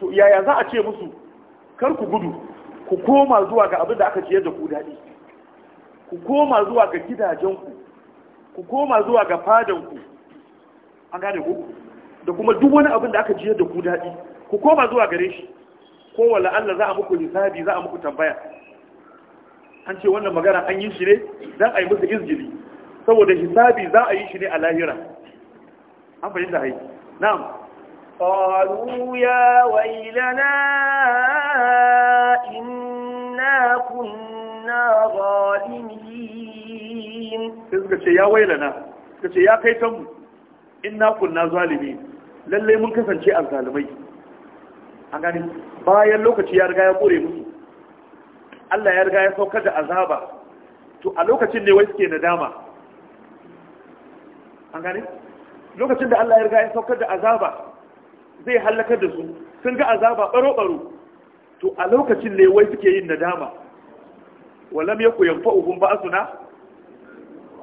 to yaya za a ce musu kar ku gudu ku koma zuwa ga abin da aka ciyar da ku daɗi ku koma zuwa ga gidajenku ku koma zuwa ga fadanku an gane ku da kuma duk wani abin da aka ciyar da ku daɗi ku koma zuwa gare shi kowane Allah za a muku lissabi za a muku tambaya an ce wannan magana an yi shi ne don a yi musu izgili saboda hisabi za a yi shi ne a lahira an fahimta da haiti na'am ya wailana inna kunna zalimin sai suka ce ya wailana suka ce ya kai tanmu ina kunna zalimin lallai mun kasance a zalimai an gani bayan lokaci ya riga ya kore musu Allah ya riga ya saukar da azaba to a lokacin ne wai suke nadama an gani lokacin da Allah ya riga ya saukar da azaba zai halakar da su sun ga azaba baro-baro to a lokacin ne wai suke yin nadama walam yaku yanfa'uhum ba'suna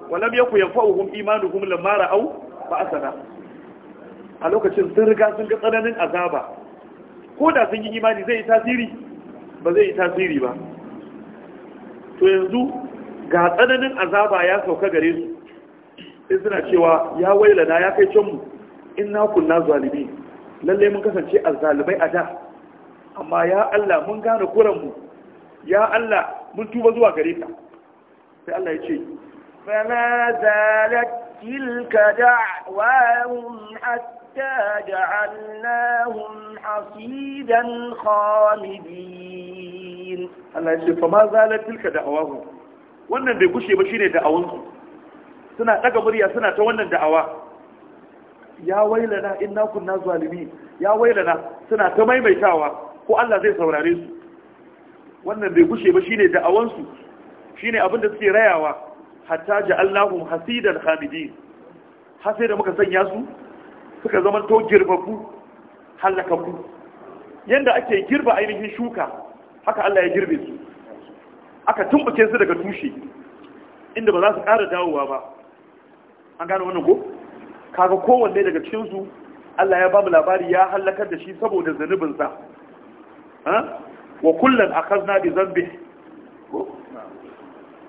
walam yaku yanfa'uhum imanuhum lamara au ba'sana a lokacin sun riga sun ga tsananin azaba ko da sun yi imani zai yi tasiri ba zai yi tasiri ba to yanzu ga tsananin azaba ya sauka gare su sai suna cewa ya waila na ya kai canmu na kunna zalimi Lallai mun kasance zalibai a da amma ya Allah mun gane kuranmu ya Allah mun tuba zuwa gare ka sai Allah ya ce zalat تلك دعواهم حتى جعلناهم حصيدا خالدين الله يقول فما زالت تلك دعواهم wannan bai gushe ba shine da'awansu suna daga murya suna ta wannan da'awa ya wailana inna kunna zalimi ya wailana suna ta maimaitawa ko Allah zai saurare su wannan bai gushe ba shine da'awansu shine abin da suke rayawa hatta Allahu hasidan hamidin hasai da muka sanya su suka zama to girbabu halakaku yanda ake girba ainihin shuka haka Allah ya girbe su aka tumbuke su daga tushe inda ba za su ƙara dawowa ba an gane wannan ko kaga kowanne daga cikin su Allah ya ba mu labari ya halakar da shi saboda zanubinsa wa kullum a bi da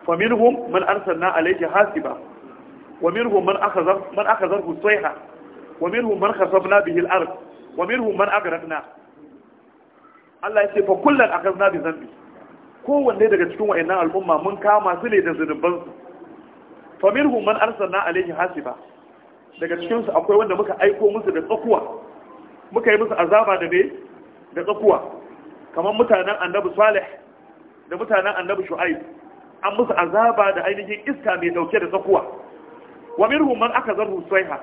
faminhum man arsalna alayhi hasiba wa minhum man akhadha man akhadha husayha wa man khasafna bihi al-ard wa minhum man agrafna Allah ya ce fa bi daga cikin wayannan al'umma mun kama su ne da zunubansu fa minhum man arsalna alayhi hasiba daga cikin su akwai wanda muka aiko musu da tsakuwa muka yi musu azaba da ne da tsakuwa kamar mutanen annabi salih da mutanen annabi shu'aib an musu azaba da ainihin iska mai dauke da tsakuwa wa minhum man akazarhu sayha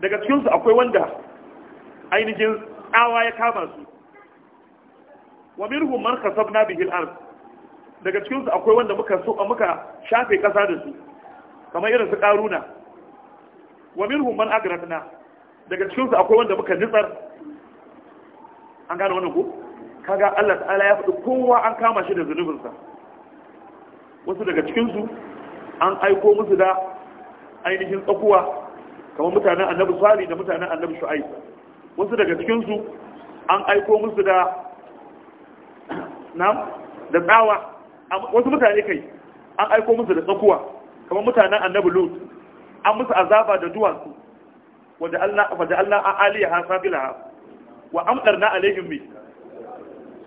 daga cikin su akwai wanda ainihin tsawa ya kama su wa minhum man kasabna bihi al-ard daga cikin su akwai wanda muka so muka shafe kasa da su kamar irin su karuna wa minhum man agrafna daga cikin su akwai wanda muka nitsar an gane wannan ko kaga Allah ta'ala ya faɗi kowa an kama shi da zunubinsa wasu daga cikinsu an aiko musu da ainihin tsakuwa kamar mutanen annabi sali da mutanen annabi shu'ai wasu daga cikinsu an aiko musu da nam da tsawa wasu mutane kai an aiko musu da tsakuwa kamar mutanen annabi lut an musu azaba da duwatsu wadda Allah wadda Allah an aliyaha sabilaha wa amdarna alaihim bi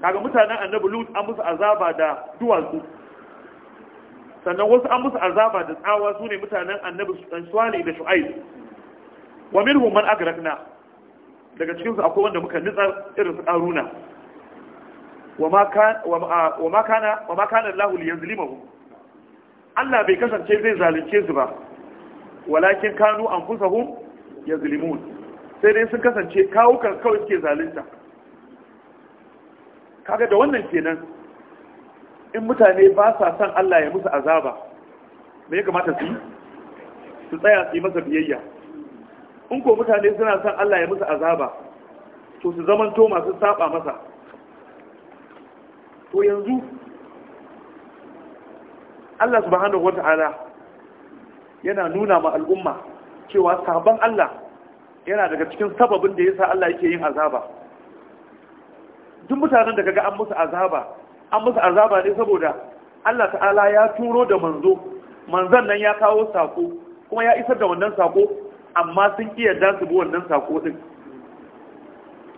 kaga mutanen annabi lut an musu azaba da duwatsu sannan wasu an musu azaba da tsawa su ne mutanen annabi suwali da shu'aib wa min man agrakna daga cikin su akwai wanda muka nitsar irin su karuna wa ma kana wa ma kana Allah Allah bai kasance zai zalunce su ba walakin kanu anfusahum yazlimun sai dai sun kasance kawukan kawai suke zalunta kaga da wannan kenan in mutane ba sa son Allah ya musu azaba me ya kamata su yi su tsaya su yi masa biyayya in ko mutane suna son Allah ya musu azaba to su to masu saba masa to yanzu Allah subhanahu wata'ala yana nuna ma al'umma cewa sabon Allah yana daga cikin sababin da yasa Allah yake yin azaba duk mutanen da kaga an musu azaba an musu azaba ne saboda Allah ta'ala ya turo da manzo manzan nan ya kawo sako kuma ya isar da wannan sako amma sun iya da su bi wannan sako din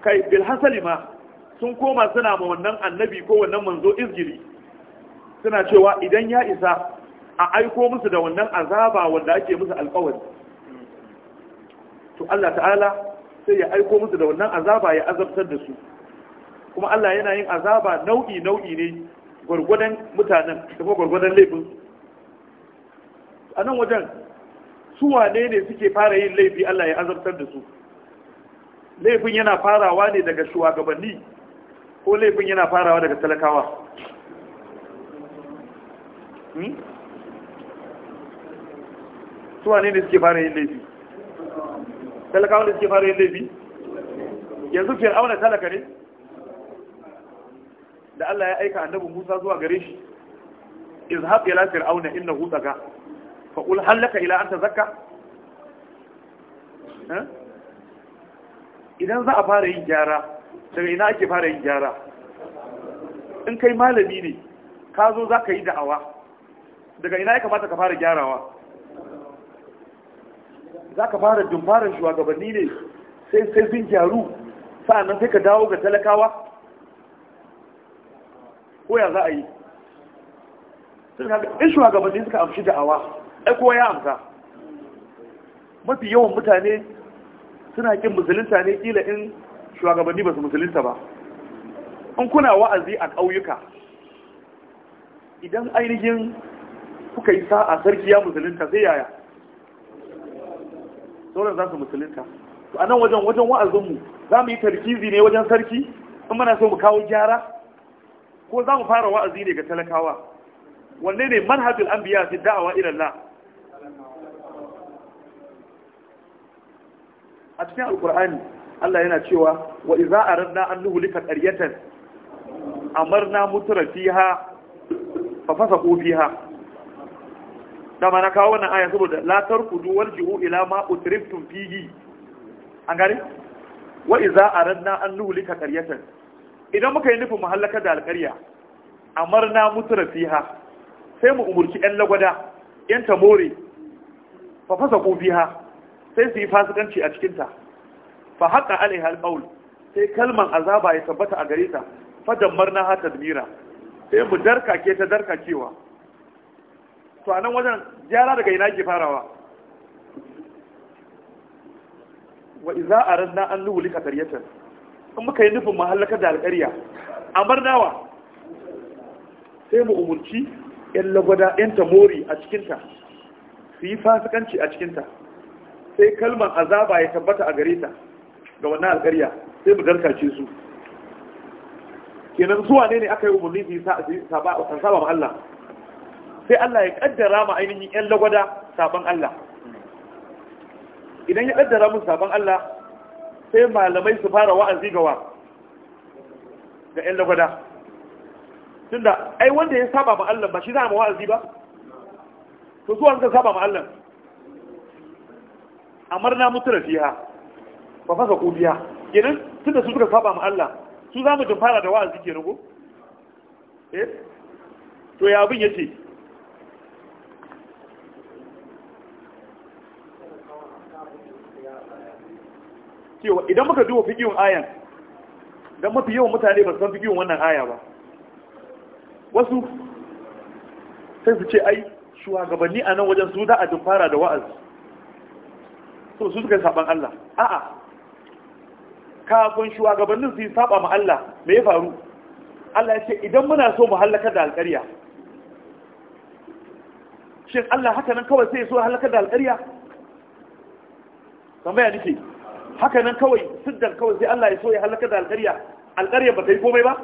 kai bil hasali ma sun koma suna ma wannan annabi ko wannan manzo izgiri suna cewa idan ya isa a aiko musu da wannan azaba wanda ake musu alƙawari to Allah ta'ala sai ya aiko musu da wannan azaba ya azabtar da su kuma Allah yana yin azaba nau'i nau'i ne gwargwadon mutanen da kuma gwargwadon laifin a nan wajen su wane ne suke fara yin laifi Allah ya azabtar da su laifin yana farawa ne daga shugabanni ko laifin yana farawa daga talakawa hmm? su wane ne suke fara yin laifi talakawa ne suke fara yin laifi yanzu fir'auna talaka ne Allah ya aika annabi Musa zuwa gare shi izhab ila fir'auna innahu taga fa qul hal laka ila an tazakka idan za a fara yin gyara daga ina ake fara yin gyara in kai malami ne ka zo za ka yi da'awa daga ina ya kamata ka fara gyarawa za ka fara dumfarar shugabanni ne sai sai sun gyaru sa'annan sai ka dawo ga talakawa ko ya za a yi sun in shugabanni suka amshi da'awa ai kowa ya amsa mafi yawan mutane suna kin musulunta ne kila in shugabanni ba su musulunta ba in kuna wa'azi a ƙauyuka idan ainihin kuka yi sa'a sarki ya musulunta sai yaya sauran za su musulunta a nan wajen wajen wa'azinmu za mu yi tarkizi ne wajen sarki in muna so mu kawo gyara ko za mu fara wa'azi ne ga talakawa wanne ne manhajul anbiya fi da'awa ila Allah a cikin alqur'ani Allah yana cewa wa idza aradna an nuhlika qaryatan amarna mutura fiha fa fasaqu fiha Da mana kawo wannan aya saboda la tarkudu warji'u ila ma utriftum fihi an gare wa idza aradna an nuhlika qaryatan idan muka yi nufin mu da da A marna mutura fiha sai mu umurci 'yan lagwada yan tamori fa fasa fiha sai su yi fasikanci a cikinta. ta fa haqa alaiha ƙa'ul sai kalman azaba ya tabbata a gare ta fa dammarna ha tadmira sai mu darka ke ta darka cewa. to a nan wajen gyara daga ina ke farawa wa iza aradna an luhulika qaryatan in muka yi nufin mahallakar da alƙarya a marnawa sai mu umurci yan lagwada yan tamori a cikinta su yi fasikanci a cikinta sai kalmar azaba ya tabbata a gare ta ga wannan alƙarya sai mu zarkace su kenan zuwa ne ne aka yi umarni su yi saba ma Allah sai Allah ya kaddara ma ainihin yan lagwada saban Allah idan ya kaddara mu saban Allah sai malamai su fara wa'azi gawa ga 'yan lagwada tunda ai wanda ya saba ma Allah ba shi za a ma wa'azi ba to zuwa ka saba ma Allah amarna mutura fiha ba fasa kudiya kenan tunda su suka saba ma Allah su za mu fara da wa'azi kenan ko eh to ya abin yace cewa idan muka duba fikiyun ayan dan mafi yawan mutane ba san fikiyun wannan aya ba wasu sai su ce ai shugabanni a nan wajen su da a fara da wa'azi so su suka saban Allah a'a kafin shugabannin su yi saba ma Allah me ya faru Allah ya ce idan muna so mu halaka da alƙarya shin Allah haka nan kawai sai ya so halaka da alƙarya tambaya nake haka nan kawai siddar kawai sai Allah ya so ya halaka da alƙarya alƙarya ba ta yi komai ba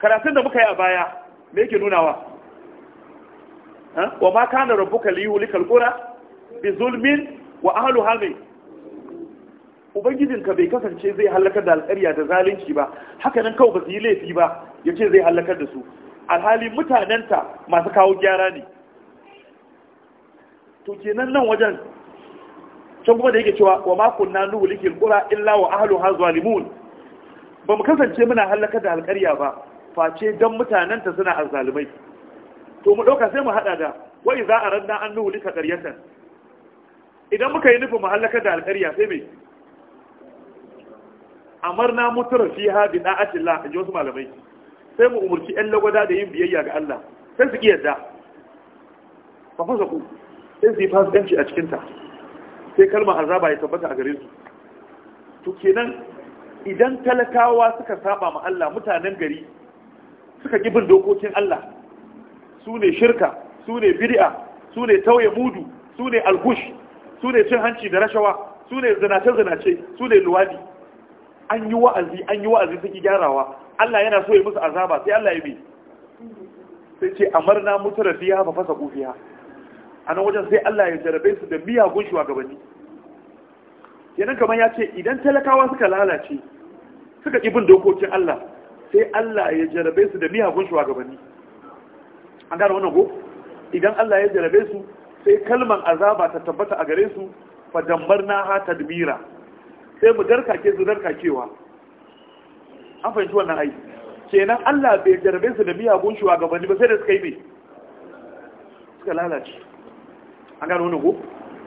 karatun da muka yi a baya me yake nunawa wa ma kana rabbuka li yuhlika alqura bi zulmin wa ahliha mai ubangijinka bai kasance zai halaka da alƙarya da zalunci ba haka nan kawai ba su yi laifi ba ya ce zai halaka da su alhali mutanenta masu kawo gyara ne to kenan nan wajen can kuma da yake cewa wa ma kunna likin qura illa wa ahluha zalimun ba mu kasance muna halaka da alƙarya ba face dan mutanen ta suna azalumai. to mu dauka sai mu hada da wa idza ranna an lika qaryatan idan muka yi nufin mu halaka da alƙarya sai me amarna mutura fiha bi da'atillah ji wasu malamai sai mu umurci 'yan lagwada da yin biyayya ga Allah sai su iya da. fa fasa ku sai su yi fasikanci a cikinta. sai kalmar azaba ya tabbata a gare su to kenan idan talakawa suka saba ma Allah mutanen gari suka ki dokokin Allah su ne shirka su ne bid'a su ne tauye mudu su ne alhush su ne cin hanci da rashawa su ne zinace-zinace su ne luwadi an yi wa'azi an yi wa'azi suke gyarawa Allah yana so ya musu azaba sai Allah ya bi sai ce amarna mutura fiya fa fasa kufiya a nan wajen sai Allah ya jarabe su da miyagun shugabanni kenan kamar ya ce idan talakawa suka lalace suka ƙi bin dokokin Allah sai Allah ya jarabe su da miyagun shugabanni an gane wannan ko idan Allah ya jarabe su sai kalman azaba ta tabbata a gare su fa dambarna ha tadmira sai mu darkake su darkakewa an fahimci wannan ai kenan Allah bai jarabe su da miyagun shugabanni ba sai da suka yi me suka lalace an gano wani ko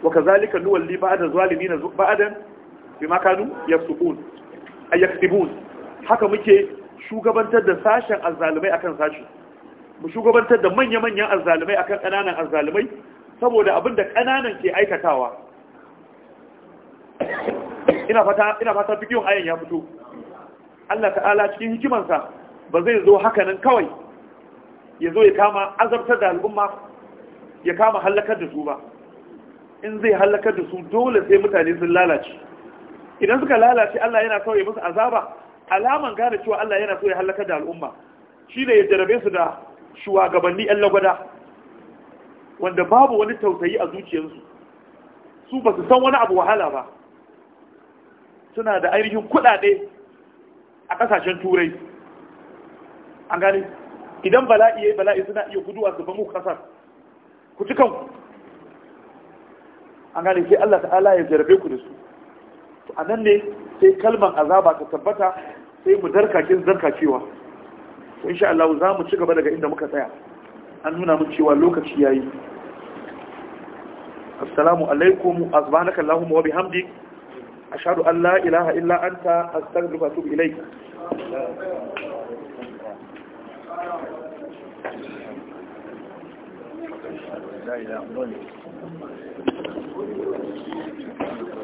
wa kazalika nuwalli ba'da zalimina ba'dan bima kanu A ay yaktubun haka muke shugabantar da sashen azzalumai akan sashi mu shugabantar da manya-manyan azzalumai akan ƙananan azzalumai saboda abin da ƙananan ke aikatawa ina fata ina fata bidiyon ayan ya fito Allah ta'ala cikin hikimansa ba zai zo haka nan kawai ya zo ya kama azabtar da al'umma ya kama hallakar da su ba in zai hallakar da su dole sai mutane sun lalace idan suka lalace Allah yana so ya musu azaba alaman gane cewa Allah yana so ya hallakar da al'umma shine ya jarabe su da shugabanni ƴan lagwada wanda babu wani tausayi a zuciyarsu su ba su san wani abu wahala ba suna da ainihin kuɗaɗe a ƙasashen turai an gane idan bala'i ya bala'i suna iya guduwa su ba muku ƙasar ku ci kanku an gane sai Allah ta'ala ya jarabe ku da su to anan ne sai kalman azaba ta tabbata sai mu darka zarka cewa. to insha Allah za mu ci gaba daga inda muka tsaya an nuna mun cewa lokaci yayi assalamu alaikum azbanaka allahumma wa bihamdik ashhadu an la ilaha illa anta astaghfiruka wa atubu ilaik لا إله إلا الله